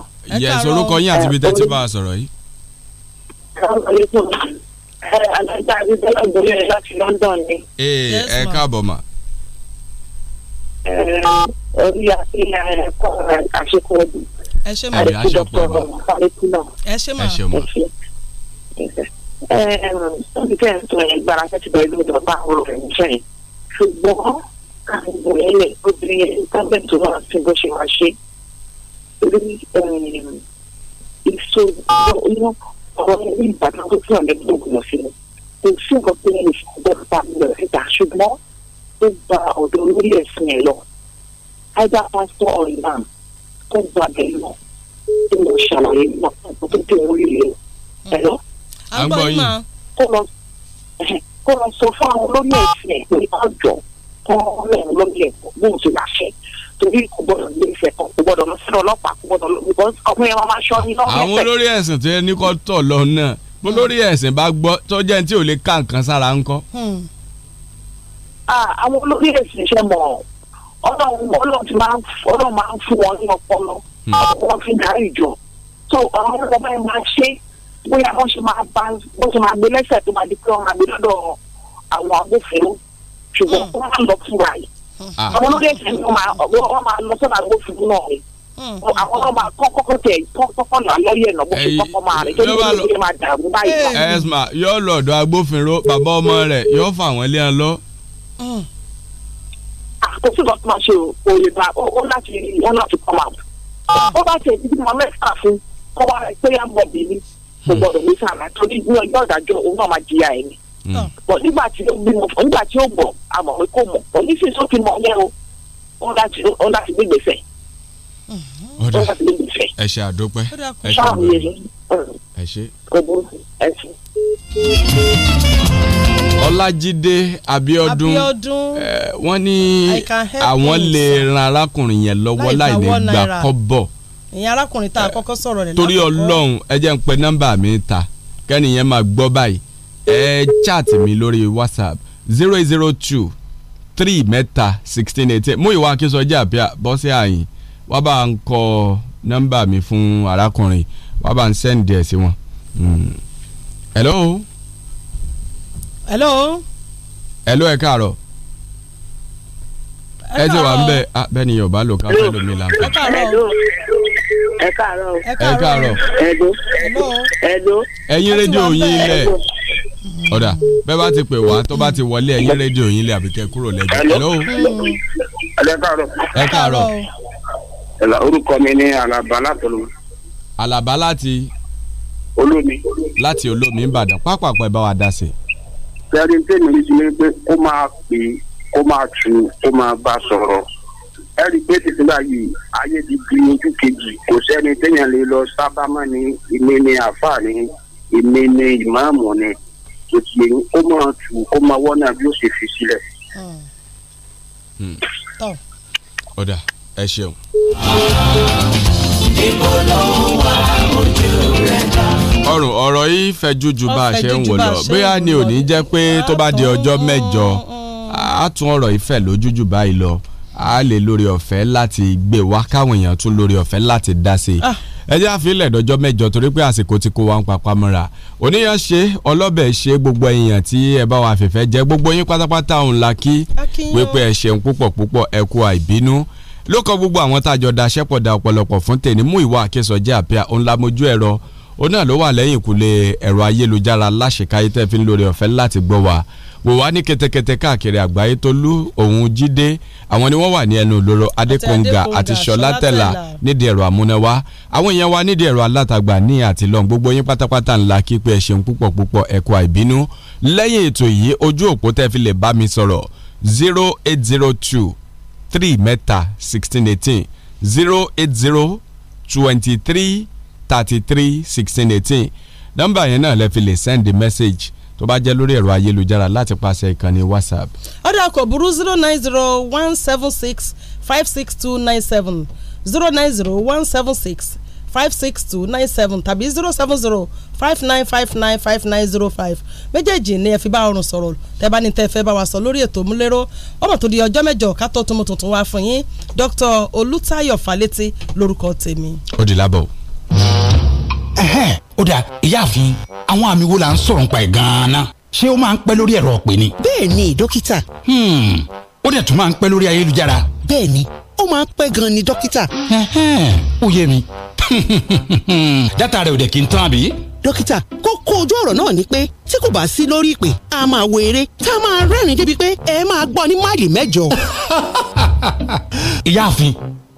yẹ sorúkọ yín àti ibi tẹ́ ti bá a sọ̀rọ̀ yìí. alájà àbíbọ́lá gbòòrò ẹ̀ láti London ni. ee ẹ káàbọ̀ mà. orí àfihàn ẹ̀kọ́ àṣekọ̀ ọdún. ẹ ṣe mọ̀ ẹ ṣe mọ̀ ẹ ṣe mọ̀. eventuelly barang sebagai beberapa orang saya sebuah kami boleh putri tambah juga sebuah sih jadi isso ini orang ini barang itu sudah berubah sih Isso que eu tenho escutado do retardo, o da o do Luiz Melo. Aí da pastor Olivan, com o Badelo, o Xalaí, o que tem o Luiz. Entendeu? à ń gbọ́ yín. kó lọ sọ fún àwọn olórí ẹ̀sìn ẹ̀ pé ọjọ́ kó lọ́ọ̀rọ̀ lórí ẹ̀kọ́ bóun ti wá fẹ́ torí kò gbọdọ̀ lé ìfẹ́ kan kò gbọdọ̀ lọ sínú ọlọ́pàá kò gbọdọ̀ ọmọ yẹn máa ṣọ́ ní lọ́wọ́ ẹ̀sẹ̀. àwọn olórí ẹ̀sìn tó yẹ ní kó tọ̀ lọ náà bó hmm. lórí ẹ̀sìn bá gbọ́ tó jẹ́ tí ò lè ká nǹkan sára ń kọ́. Hmm. àwọn olórí ẹ̀sìn ṣe mọ̀ ọlọ́run ọlọ́run máa ń fún wọn ní ọpọlọ wọ́n hmm. fi dárí jọ so àwọn ọmọ ẹ máa ṣe bóyá wọ́n ṣe máa bá wọ́n ṣe máa gbé lẹ́sẹ̀ tó máa di pé wọ́n máa gbé lọ́dọ̀ àwọn agbófinró ṣùgbọ́n hmm. wọ́n máa lọ fúnra yìí hmm. ah. àwọn olórí ẹ̀sìn ni wọ́n máa lọ sọ́dọ̀ agbófinró náà rẹ̀ hmm. àwọn náà máa kọ́ kọ́kọ́ tẹ̀ kọ́kọ́ náà lọ́yẹ̀ náà bó ṣe kọ́kọ́ máa rẹ̀ tó ní ìdílé máa dàrú báyìí. ẹ̀sma yóò lọ ọ̀dọ̀ agbófinró bàbá ọmọ rẹ̀ yóò fà wọ́n lé ẹ lọ. àkóso ah, kan tó máa ṣe òye bá ó láti ó kọ́ máa. Ah. ó bá ṣe ìdílé mọ́ mẹ́ta fún kọ́ wá pé ń bọ̀ bìíní kò gbọdọ̀ ní sàrà torí ní ọjọ́ ìdájọ́ òun náà máa jìyà ẹ̀ ni. Hmm. bọ̀ nígbà tí ó bímọ fún nígbà tí ó gbọ̀ a pé kò mọ̀ bọ̀ nísìnyí tó ti mọ̀ ọ́lẹ́ o ó láti gbé gbèsè. Hmm. ẹ ṣe àdópẹ́ ẹ ṣe àdópẹ́ ẹ ṣe. Ọlájídé Abíọ́dún eh, wọ́n ní àwọn lè ran arákùnrin yẹn lọ́wọ́ láì ní gbà kọ́bọ̀ ìyẹn arákùnrin tá a kọ́kọ́ sọ̀rọ̀ rẹ̀ lákòókò. torí ọlọ́run ẹ jẹ́ ń pe nọ́mbà mi ta kẹ́niyẹn máa gbọ́ báyìí ẹ chat mi lórí whatsapp zero zero two three mẹ́ta sixteen eighteen mú ìwà akínsọjí àbíà bọ́sí àyìn wá bá ń kọ nọ́mbà mi fún arákùnrin wá bá ń sẹ́ǹdì ẹ̀ sí wọn. Hmm. hello. hello. hello ẹ káàárọ̀. ẹ ti wà ń bẹ ni yorùbá lò káfẹ́ lómi la. ẹ káàárọ̀ ẹ káàárọ̀ ẹ ẹyin rédíò yín lẹ ọ̀dà pè wá tó bá ti wọlé ẹyin rédíò yín lẹ kúrò lẹ́jọ́ ẹ ẹ mi ni alaba alaba láti. olómi. láti olómi pápákọ̀ ẹ bá wa dá sí. ní pé kó kó máa tù kó máa bá sọ̀rọ̀ ẹ̀rí pé títí báyìí ayé ti di ojú kejì kò sẹ́ni téèyàn lè lọ sábà mọ́ ni ìmí ni àáfàá ni ìmí ni ìmáàmù ni tòtí kó máa tù kó máa wọ́nà bí ó ṣe fi sílẹ̀. ọ̀dà hmm. ẹ ṣeun. ọrùn ọ̀rọ̀ yìí fẹjú ju bá a ṣe ń wò lọ bóyá ni ò ní jẹ́ pé tó bá di ọjọ́ mẹ́jọ á tún ọ̀rọ̀ ìfẹ́ lójújù báyìí lọ a lè lórí ọ̀fẹ́ láti gbé wá káwọn èèyàn tún lórí ọ̀fẹ́ láti dá sí i ah. ẹ jẹ́ àfilẹ̀ dọ́jọ́ mẹ́jọ torí pé àsìkò ti kó wa ń papá mọ́ra oníyàn ṣe ọlọ́bẹ̀ ṣe gbogbo èèyàn tí ẹ bá wa fẹ̀fẹ́ jẹ́ gbogbo yín pátápátá òun la kí wípé ẹ ṣeun púpọ̀ púpọ̀ ẹ kú àìbínú ló gbogbo àwọn tájọ daṣẹ́pọ̀ da ọ̀pọ̀lọpọ̀ fún tèmi mú ìwà àkẹsọ̀ jẹ́ àpẹ́à òun la mojú ẹ̀rọ ó náà ló wà lẹ́yìn ìkúlé ẹ̀rọ ayélujára láṣìkáyé tẹ́ fi ń lórí ọ̀fẹ́ láti gbọ́ wa wò wá ní kẹtẹkẹtẹ káàkiri àgbáyé Tolú òun Jídé àwọn ni wọ́n wà ní ẹnu ìloro Adékòǹgà àti Ṣọlá Tẹ̀là nídìí ẹ̀rọ amúnáwá àwọn èèyàn wa nídìí ẹ̀rọ alátagbà ní àtìlọ́n gbogbo yín pátápátá ńlá kí pé ẹ púpọ̀ púpọ̀ ẹ àìbínú lẹ́yìn ètò yìí ojú òpó tẹ́ fi lè bá mi sọ̀rọ̀ zero eight zero two three mẹ́ta sixteen eighteen zero eight zero twenty three thirty three sixteen eighteen nọ́mbà yẹn náà lẹ fi lè send the message tó bá jẹ́ lórí ẹ̀rọ ayélujára láti pàṣẹ ìkànnì whatsapp. ọ̀dà kò burú zero nine zero one seven six five six two nine seven zero nine zero one seven six five six two nine seven tàbí zero seven zero five nine five nine five nine zero five méjèèjì ni ẹ fi bá ọrùn sọ̀rọ̀ tẹ́ bá ní tẹ́ fẹ́ bá wa sọ lórí ètò múlẹ́rọ ọmọ tó di ọjọ́ mẹ́jọ ká tó tún mú tuntun wá fún yín Dr. Olùtayọ̀ Fálétí lórúkọ tèmi. ó di lábọ̀ o ó dà ìyáàfin àwọn àmì wo la ń sọ̀rọ̀ nípa ẹ̀ gan-an náà ṣé ó máa ń pẹ́ lórí ẹ̀rọ ọ̀pẹ ni. bẹ́ẹ̀ni dókítà. Hmm, ó dẹ̀ tún máa ń pẹ́ lórí ayélujára. bẹ́ẹ̀ni ó máa ń pẹ́ gan ni dókítà. ó yé mi dátà rẹ̀ ò dẹ̀ kí n tán àbí. dókítà kókó ojú ọ̀rọ̀ náà ni pé tí kò bá sí lórí ìpè a máa wo eré tá a máa rẹ́rìn-ín débi pé ẹ máa gbọ́ ní máìlì mẹ́jọ. ìyáàfin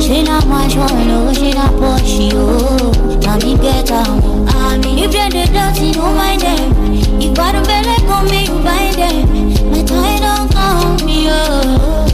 She not no, she not get out, I mean If dirty, don't mind them belly me, you them My time don't come, me, oh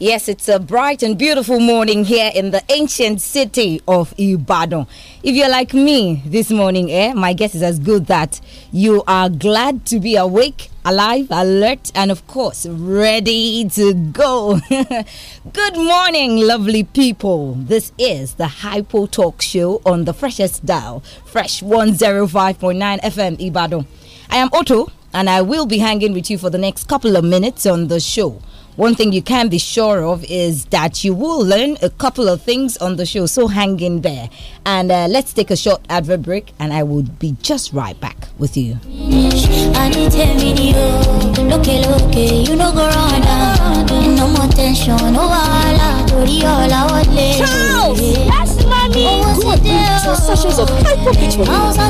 Yes, it's a bright and beautiful morning here in the ancient city of Ibadan. If you're like me this morning, eh, my guess is as good that you are glad to be awake alive, alert, and of course, ready to go. Good morning, lovely people. This is the Hypo Talk Show on the freshest dial, Fresh 105.9 FM Ibadan. I am Otto, and I will be hanging with you for the next couple of minutes on the show one thing you can be sure of is that you will learn a couple of things on the show. So hang in there. And uh, let's take a short advert break, and I will be just right back with you. Charles! Yes, mommy!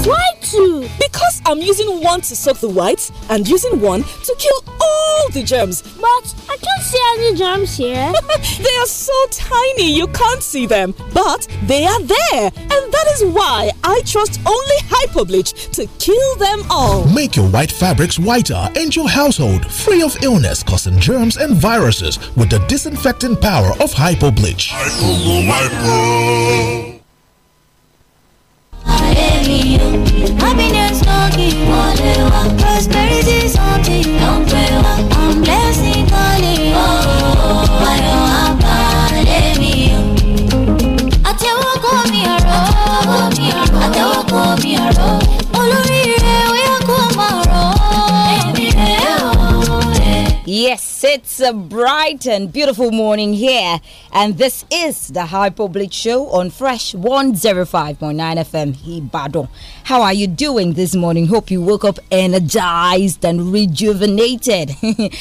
Why two? Because I'm using one to soak the whites and using one to kill all the germs. But I can't see any germs here. they are so tiny you can't see them, but they are there. And that is why I trust only Hypobleach to kill them all. Make your white fabrics whiter and your household free of illness causing germs and viruses with the disinfecting power of Hypobleach. Hypo, Happiness, no, keep on las perdiz ontem, ontem, ontem, ontem. Yes, it's a bright and beautiful morning here, and this is the High Public Show on Fresh 105.9 FM Ibadan. How are you doing this morning? Hope you woke up energized and rejuvenated.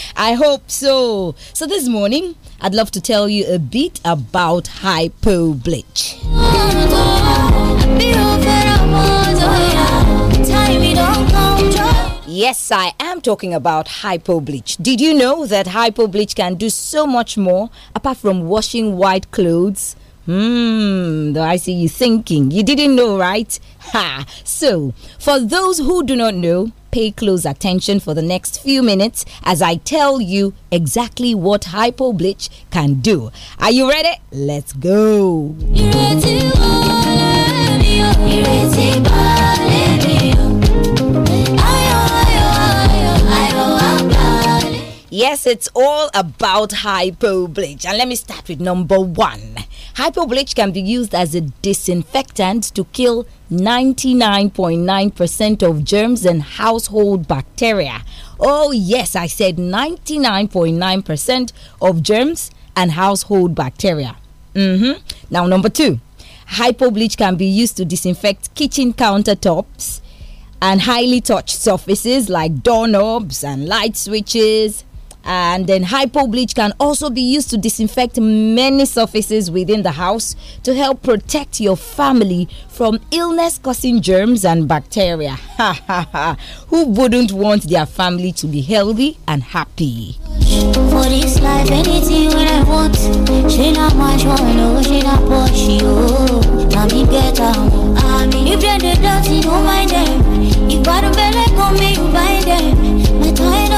I hope so. So, this morning, I'd love to tell you a bit about High Public. Yes, I am talking about hypo bleach. Did you know that hypo bleach can do so much more apart from washing white clothes? Hmm, Though I see you thinking. You didn't know, right? Ha! So, for those who do not know, pay close attention for the next few minutes as I tell you exactly what hypo bleach can do. Are you ready? Let's go. Yes, it's all about hypobleach. And let me start with number one. Hypobleach can be used as a disinfectant to kill 99.9% .9 of germs and household bacteria. Oh, yes, I said 99.9% .9 of germs and household bacteria. Mm -hmm. Now, number two, hypobleach can be used to disinfect kitchen countertops and highly touched surfaces like doorknobs and light switches and then hypo bleach can also be used to disinfect many surfaces within the house to help protect your family from illness causing germs and bacteria. Who wouldn't want their family to be healthy and happy? For this life, anything when I want. She not much she not oh. I mean, if are the dirty, don't mind them. If you them. My time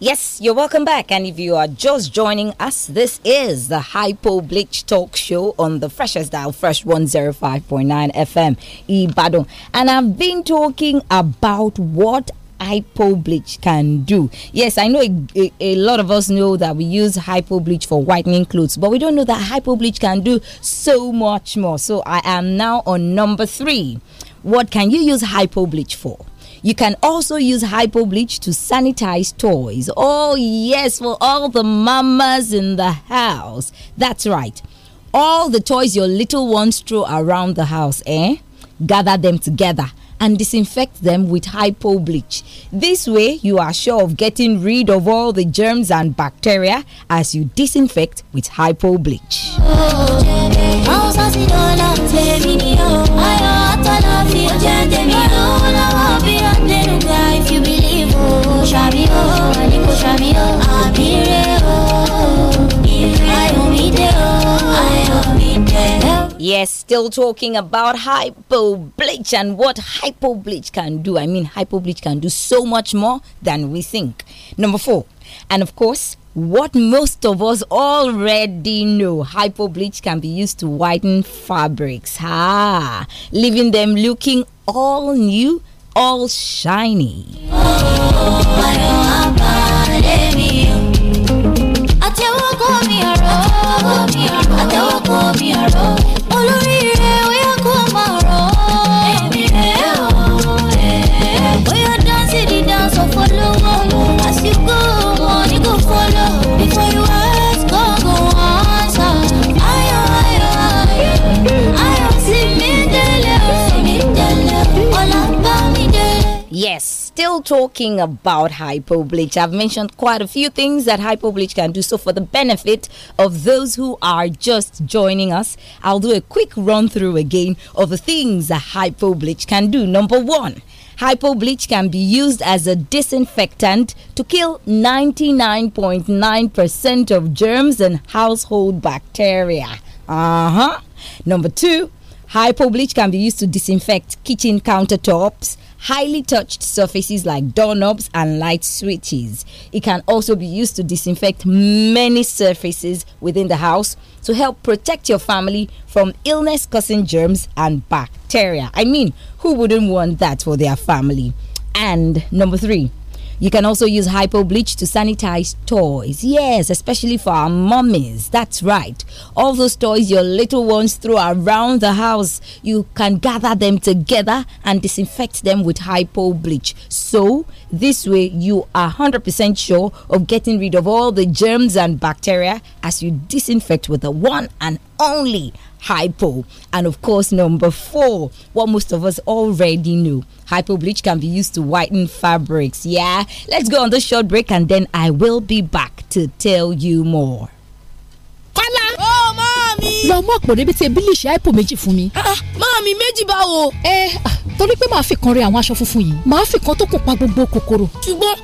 Yes, you're welcome back. And if you are just joining us, this is the Hypo Bleach Talk Show on the freshest dial, Fresh 105.9 FM, Ibadan. And I've been talking about what hypo bleach can do. Yes, I know a, a, a, lot of us know that we use hypo bleach for whitening clothes, but we don't know that hypo bleach can do so much more. So I am now on number three. What can you use hypo bleach for? You can also use hypo bleach to sanitize toys. Oh, yes, for all the mamas in the house. That's right. All the toys your little ones throw around the house, eh? Gather them together and disinfect them with hypo bleach. This way, you are sure of getting rid of all the germs and bacteria as you disinfect with hypo bleach. Oh, Yes, still talking about hypo bleach and what hypo bleach can do. I mean, hypo bleach can do so much more than we think. Number four, and of course, what most of us already know hypo bleach can be used to whiten fabrics, ah, leaving them looking all new, all shiny. Oh, still talking about hypobleach. I've mentioned quite a few things that hypobleach can do. So, for the benefit of those who are just joining us, I'll do a quick run through again of the things that hypobleach can do. Number one, Hypobleach can be used as a disinfectant to kill 99.9% .9 of germs and household bacteria. Uh huh. Number two, hypobleach can be used to disinfect kitchen countertops, highly touched surfaces like doorknobs and light switches. It can also be used to disinfect many surfaces within the house to help protect your family from illness causing germs and bacteria. I mean, who wouldn't want that for their family? And number three, you can also use hypo bleach to sanitize toys. Yes, especially for our mummies. That's right. All those toys your little ones throw around the house, you can gather them together and disinfect them with hypo bleach. So, this way you are 100% sure of getting rid of all the germs and bacteria as you disinfect with the one and only hypo. And of course, number four, what most of us already know hypo bleach can be used to whiten fabrics. Yeah, let's go on the short break and then I will be back to tell you more. mi. lọ mú àpò rẹpẹtẹ bílíṣì àìpò méjì fún mi. Ah, ah, máa mi méjì báwo. ẹ ah, torí pé màá fi kan rẹ àwọn aṣọ funfun yìí màá fi kan tó kò pa gbogbo kòkòrò. ṣùgbọ́n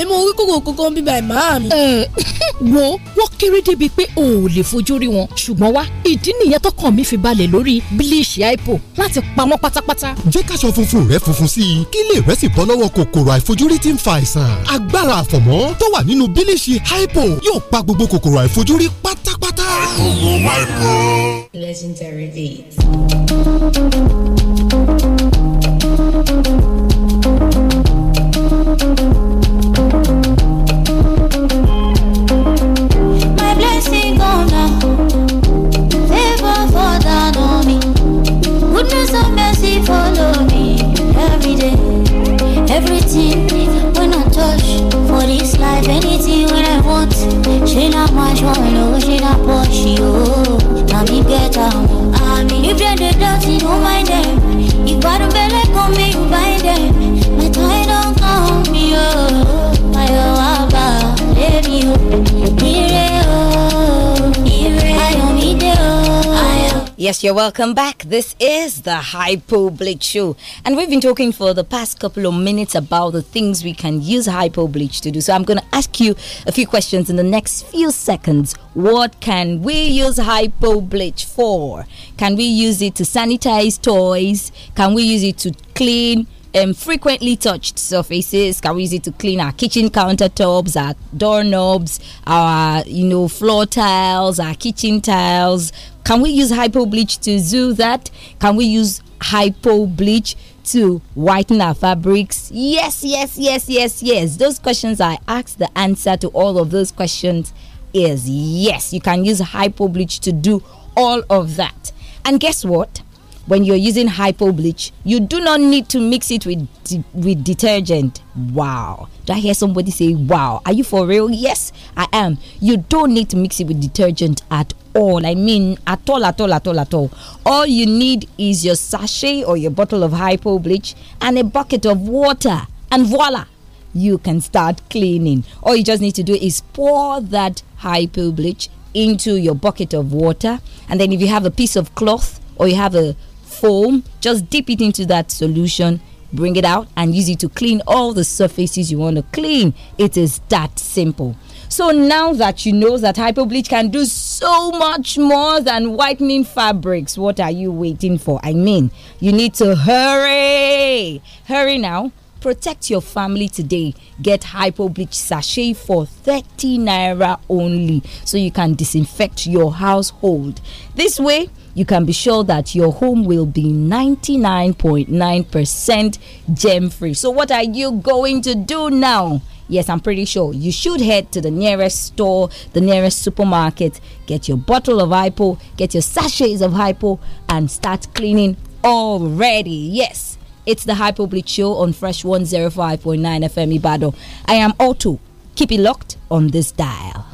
èmi ò rí kòkòrò kankan bíbá ẹ̀ máa mi. wo wọ́n kéré débi pé o ò lè fojú rí wọn ṣùgbọ́n wá ìdí nìyẹn tọkàn mi fi balẹ̀ lórí bílíṣì àìpò láti pa wọ́n pátápátá. jẹ́ káṣọ funfun rẹ funfun sí i kí lè rẹ́ sì bọ́ lọ́wọ́ kòkòrò àìfojúrí tí ń fa àìsàn. agbára àfọ̀mọ́ tó wà nínú bílíṣì àìpò yóò pa gbogbo kòkòrò àìfojúrí pátápátá. oògùn Legendary Beats. My blessing gone me. Goodness and mercy follow me every day. Everything when I touch for this life, anything when I want. She not much one, no, she not poor, she oh. Now me get out. I mean, if they do dirty, don't mind them. If I don't believe, come me, you buy them. Yes, you're welcome back. This is the Hypo Bleach Show, and we've been talking for the past couple of minutes about the things we can use Hypo Bleach to do. So, I'm going to ask you a few questions in the next few seconds. What can we use Hypo Bleach for? Can we use it to sanitize toys? Can we use it to clean um, frequently touched surfaces. Can we use it to clean our kitchen countertops, our doorknobs, our you know floor tiles, our kitchen tiles? Can we use hypo bleach to do that? Can we use hypo bleach to whiten our fabrics? Yes, yes, yes, yes, yes. Those questions I asked, the answer to all of those questions is yes. You can use hypo bleach to do all of that. And guess what? When you're using hypo bleach, you do not need to mix it with with detergent. Wow. Do I hear somebody say, wow? Are you for real? Yes, I am. You don't need to mix it with detergent at all. I mean, at all, at all, at all, at all. All you need is your sachet or your bottle of hypo bleach and a bucket of water, and voila, you can start cleaning. All you just need to do is pour that hypo bleach into your bucket of water, and then if you have a piece of cloth or you have a foam, just dip it into that solution bring it out and use it to clean all the surfaces you want to clean. It is that simple. So now that you know that Hyperbleach can do so much more than whitening fabrics, what are you waiting for? I mean, you need to hurry. Hurry now. Protect your family today. Get Hypo Bleach sachet for 30 naira only so you can disinfect your household. This way, you can be sure that your home will be 99.9% .9 gem free. So, what are you going to do now? Yes, I'm pretty sure you should head to the nearest store, the nearest supermarket, get your bottle of hypo, get your sachets of hypo, and start cleaning already. Yes, it's the Hypo Bleach Show on Fresh 105.9 FM Ibado. I am Otto. Keep it locked on this dial.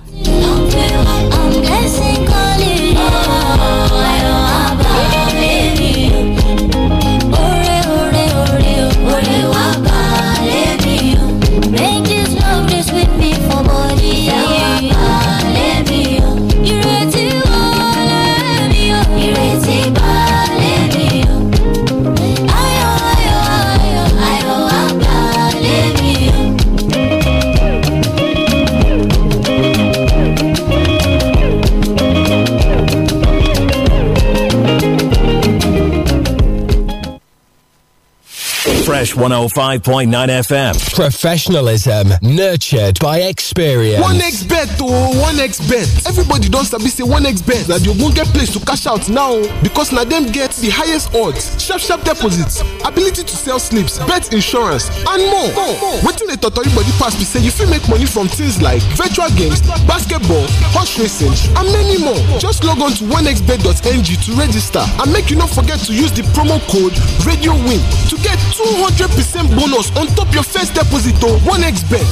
friend. Fresh 105.9 FM. Professionalism nurtured by experience. 1x bet oh 1x bet. Everybody don sabi say 1x bet won't get place to cash out now because na them get the highest odds, sharp sharp deposits, ability to sell slips, bet insurance and more. Wetin to totori body pass be say you make money from things like virtual games, basketball, horse racing and many more. Just log on to 1xbet.ng to register and make you not forget to use the promo code RADIOWIN to get 200 100 percent bonus on top your first deposit oh 1x bet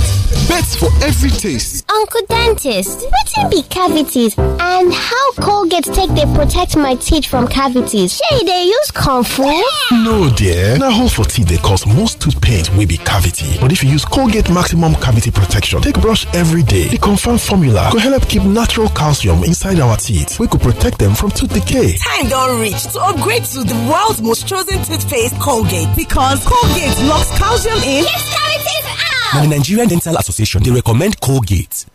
bets for every taste uncle dentist can be cavities and how colgate take they protect my teeth from cavities Say they use comfort? no dear Now, hole for teeth they cause most tooth pain will be cavity but if you use colgate maximum cavity protection take brush every day the confirmed formula could help keep natural calcium inside our teeth We could protect them from tooth decay time don't reach to upgrade to the world's most chosen toothpaste colgate because colgate Colgate locks calcium in. Yes, out! And the Nigerian Dental Association, they recommend Colgate.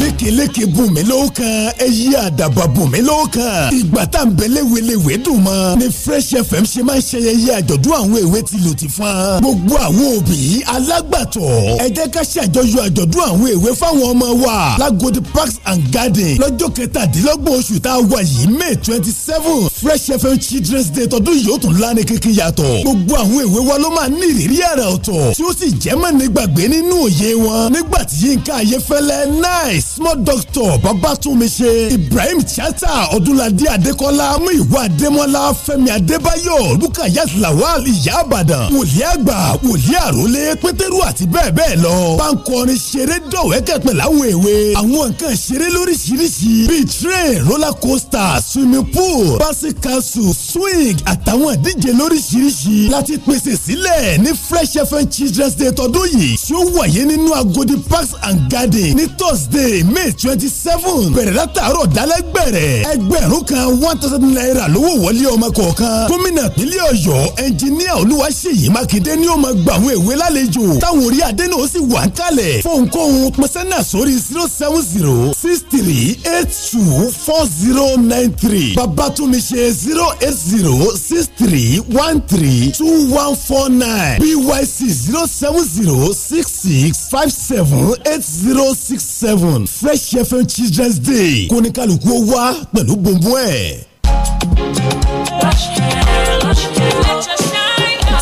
lékeleke bùn mí lówó kan ẹyí àdàbà bùn mí lówó kan ìgbà tá n bẹ̀lẹ̀ welewe dùn mọ́ ni Fresh FM ṣe máa ń ṣeyẹyẹ àjọ̀dún àwọn èwe ti lò ti fún gbogbo àwọn òbí alágbàtọ̀ ẹ jẹ́ ká ṣàjọyọ̀ àjọ̀dún àwọn èwe fáwọn ọmọ wa lágodi parks and garden lọ́jọ́ kẹtàdínlọ́gbọ̀n oṣù tá a wà yìí May twenty seven Fresh FM Children's Day tọdún yìí ó tún lánàá kékeré yàtọ̀ gbogbo àwọn èwe wa ló máa ní ìrírí àrà ọ̀tọ̀ tí ó sì jẹ́ mọ́ nígbàgbé nínú òye wọn nígbà tí Yínká Ayéfẹ́lẹ́ nice small doctor babatunmi ṣe ibrahim chata ọdúnladé adékọlá muiwa adémọlá fẹ́mi adébáyọ̀ rukayat lawal ìyá àbàdàn wòlíì àgbà wòlíì àrólé pétérù àti bẹ́ẹ̀ bẹ́ẹ̀ lọ bá ṣeré dọ̀wẹ́kẹ̀ pẹ̀lú àwọn èwe àwọn nǹkan ṣeré lóríṣiríṣi bíi train roller coaster swimming pool basi castle swing àtàwọn ìdíje lóríṣiríṣi láti pèsè sílẹ̀ ní fresh fm children's day tọdún yìí tí ó wáyé nínú agodi parks and Gardens, ní thursday Thursday May twenty seven bẹ̀rẹ̀ látàárọ̀ dálẹ́ gbẹ̀rẹ̀ ẹgbẹ̀rún kan one thousand naira lówó wọlé ọmọ kọ̀ọ̀kan gómìnà pínlẹ̀ Ọ̀yọ́ ẹnjiníà Olúwaṣeyì Mákindé ni ó máa gba àwọn èwe lálejò táwọn orí adé náà sì wà ń kalẹ̀ fóònkóhun pọ̀sẹ́nà sórí zero seven zero six three eight two four zero nine three babatunmi ṣe zero eight zero six three one three two one four nine byc zero seven zero six six five seven eight zero six seven. fresh fm children's day kóníkàlùkù ó wá pẹ̀lú gbogbo ẹ̀.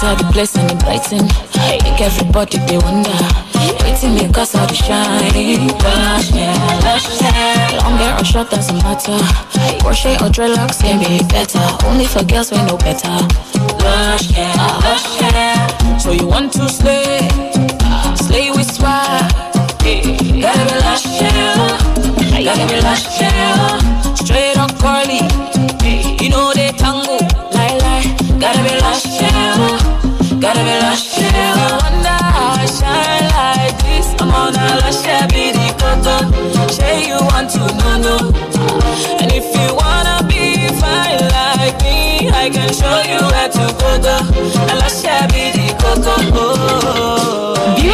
all the blessing and blessing. Make everybody they wonder. Waiting me cause all the shine. Lush hair, lush hair. Long hair or short doesn't matter. Crochet or dreadlocks can be better. Only for girls we know better. Lush hair, lush hair. So you want to slay? Slay with swag. Gotta be lush, Gotta be lush, Straight on curly. You know they tango. Lie, lie. Gotta be lush, Gotta be lush, yeah. I shine like this. I'm on a lush, yeah, be the you want to know, And if you wanna be fine like me, I can show you where to go, go. A lush, yeah, be the cotton. Oh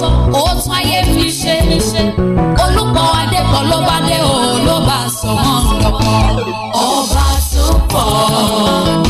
sọ ó tún ayé fi ṣe olùkọ́ adékọ̀ ló bá dé o ló bá sọ wọ́n lọ́kọ̀ ọba tó pọ̀.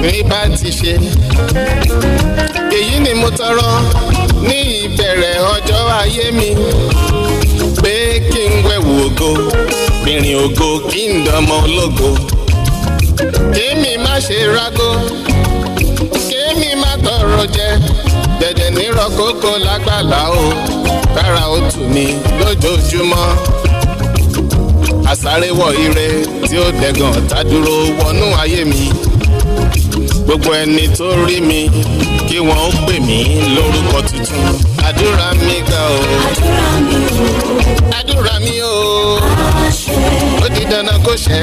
mi bá ti ṣe. èyí ni mo tọrọ ní ìbẹ̀rẹ̀ ọjọ́ ayé mi pé kí n wẹ̀wù ògo rìnrìn ògo kí n dọmọ ológo. kémi má ṣe rágó kémi má tọrọ jẹ dẹ̀dẹ̀ nírọ̀ kókó lágbàlá o kára ó tù mí lójoojúmọ́ àsáré wọ ire tí ó dẹ̀gàn tá dúró wọnú ayé mi gbogbo ẹni tó rí mi kí wọ́n ó pè mí lórúkọ tuntun àdúrà mi ga o àdúrà mi o ó di dandan kó ṣẹ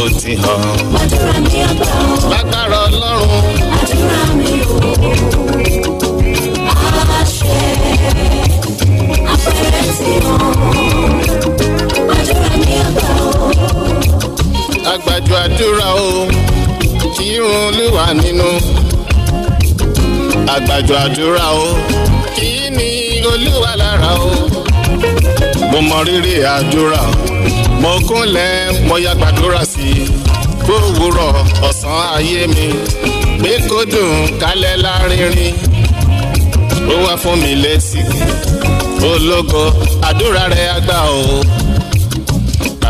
ó ti hàn lágbára ọlọ́run àdúrà mi o. gbàdúrà o kí irun olúwa nínú àgbàjọ àdúrà o kí ni olúwa lára o mo mọ rírì àdúrà mo kúnlẹ̀ mo yá gbàdúrà sí i kó wúrọ̀ ọ̀sán ayé mi pé kó dùn kálẹ̀ lárinrin ó wá fún mi létí ológo àdúrà rẹ àgbà o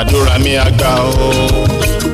àdúrà mi àgbà o.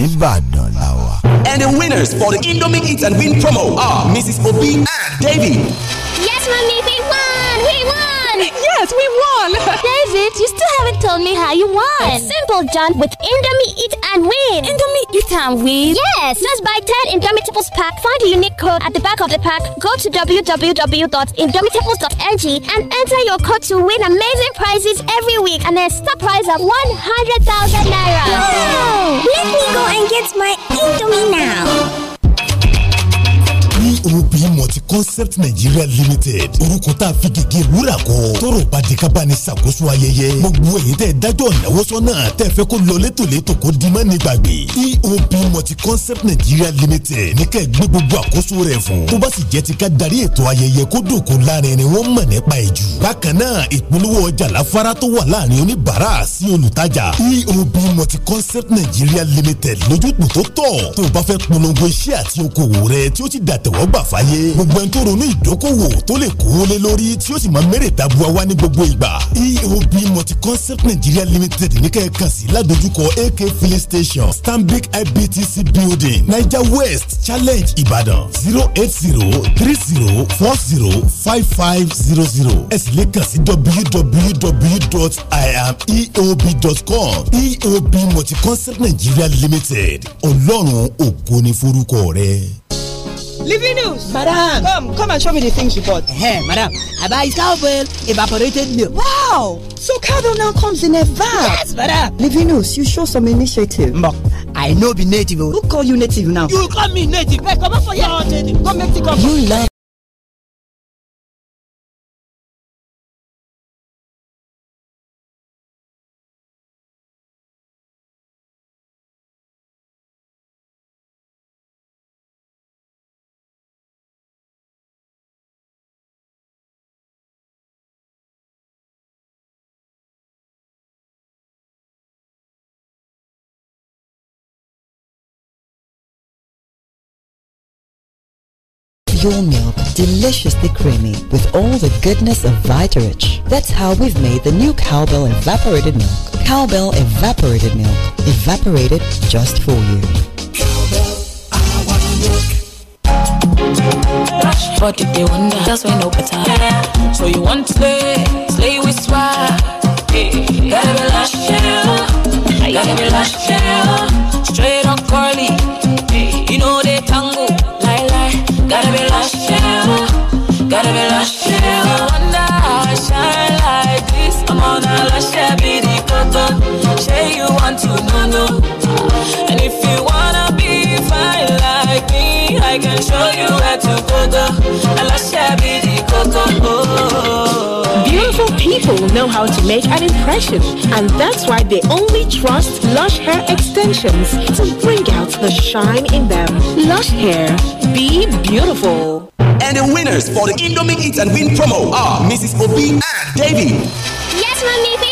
nìbàdàn la wà. And the winners for the Indomie Eat and Win promo are Mrs. Obi and David. Yes, mommy, we won! We won! Yes, we won! David, you still haven't told me how you won. It's simple, John, with Indomie Eat win. Indomie, you can win. Yes, just buy 10 Indomie Tipples pack. Find the unique code at the back of the pack. Go to www.indomitables.ng and enter your code to win amazing prizes every week and a star prize of 100,000 naira. Wow. Let me go and get my Indomie now. concept nigeria limited orúkọ tá a fi gègé wúrà kọ tọrọ bá di kaba ni ṣàkóso ayẹyẹ gbogbo èyí tẹ dájọ ìnáwó sọ́nà tẹ fẹ́ kó lọ létòlétò kó di má ní gbàgbé eob multi concept nigeria limited ní ká ẹ gbé gbogbo àkóso rẹ̀ fún tó bá sì jẹ́ ti ká darí ètò ayẹyẹ kó dòkó láàrin ni wọ́n mọ̀ nípa ẹ̀ jù bákan náà ìpolówó ọjà láfárá tó wà láàrin oníbàárà sí olùtajà eob multi concept nigeria limited lójútùú tó tọ́ tó o bá fẹ́ polongo iṣẹ́ àti okòwò rẹ tí ó ti dàtẹ̀wọ́gbà fáyé gbogbo ẹni tó ronú ìdókòwò tó lè kówó lórí tí ó sì máa mẹ́rẹ̀ dábúwa wá ní gbogbo ìgbà eob multi-concept nigeria limited ní kẹ́ẹ̀kan sí ládojúkọ ak filling station stanbic ibtc building niger west challenge ìbàdàn zero eight zero three zero four zero five five zero zero ẹ sì sí www.iameob.com eob multi-concept nigeria limited ọlọ́run ògo ni forúkọ rẹ. Living news. Madam. Come, come and show me the things you bought. Hey, madam, I buy cowbell, evaporated milk. Wow. So cowbell now comes in a van. Yes, madam. Living news, you show some initiative. Mok, I know be native. Oh. Who call you native now? You call me native. Hey, come on for your native. Come make the coffee. You love your milk deliciously creamy with all the goodness of Vitarich. That's how we've made the new Cowbell Evaporated Milk. Cowbell Evaporated Milk. Evaporated just for you. But if they wonder, that's no better. So you want to with swag. gotta be yeah. Gotta be yeah. Straight on curly. Beautiful people know how to make an impression, and that's why they only trust Lush Hair Extensions to bring out the shine in them. Lush Hair, be beautiful. And the winners for the Indomie Eat and Win promo are Mrs. Obi and Davy. Yes, mommy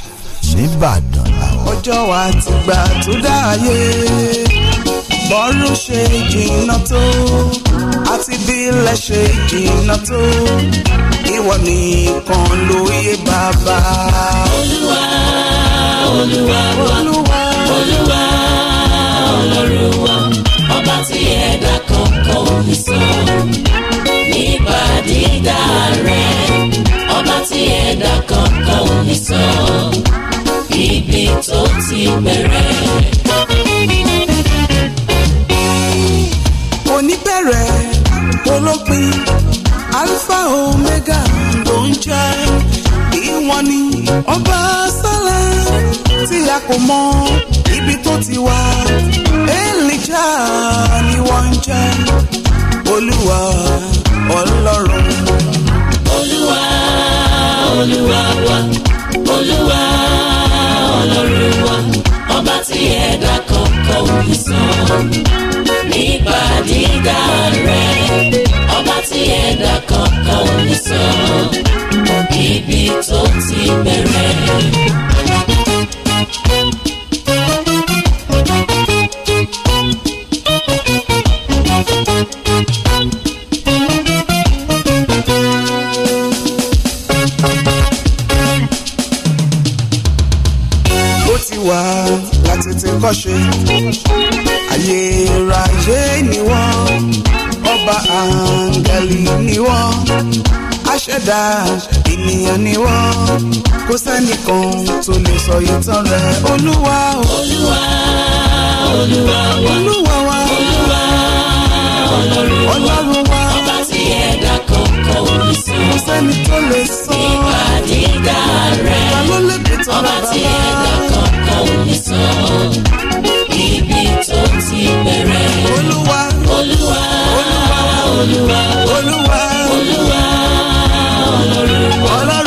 nìbàdàn làwọn. ọjọ́ wa ti gbà tó dáàyè bọ́rú ṣe jìnnà tó àti bí ilẹ̀ ṣe jìnnà tó ìwọ nìkan ló yé bàbá. olúwa olúwa olúwa olúwa ọlọ́run wa ọba tí ẹ̀dá kankan ò ní sọ. ọba sálẹ̀ tí a kò mọ ibi tó ti wá èlìjà ni wọ́n ń jẹ́ olúwa ọlọ́run. olúwa olúwa wa olúwa ọlọ́run wa ọba tí ẹ̀dá kankan ò ní sọ nípa dídá tí ẹ̀dá kankan ò ní sọ ibi tó ti bẹ̀rẹ̀. ènìyàn ni wọ́n kò sẹ́nìkan tó lè sọ ìtàn rẹ̀ olúwa o. olúwa olúwa wa olúwa wa olúwa ọlọ́run wa ọlọ́run wa ọba tí ẹ̀dá kankan ò ní sọ. kò sẹ́ni tó lè sọ ìpàdé ìdá rẹ̀ ọba tí ẹ̀dá kankan ò ní sọ ibi tó ti bẹ̀rẹ̀ olúwa olúwa olúwa olúwa olúwa. What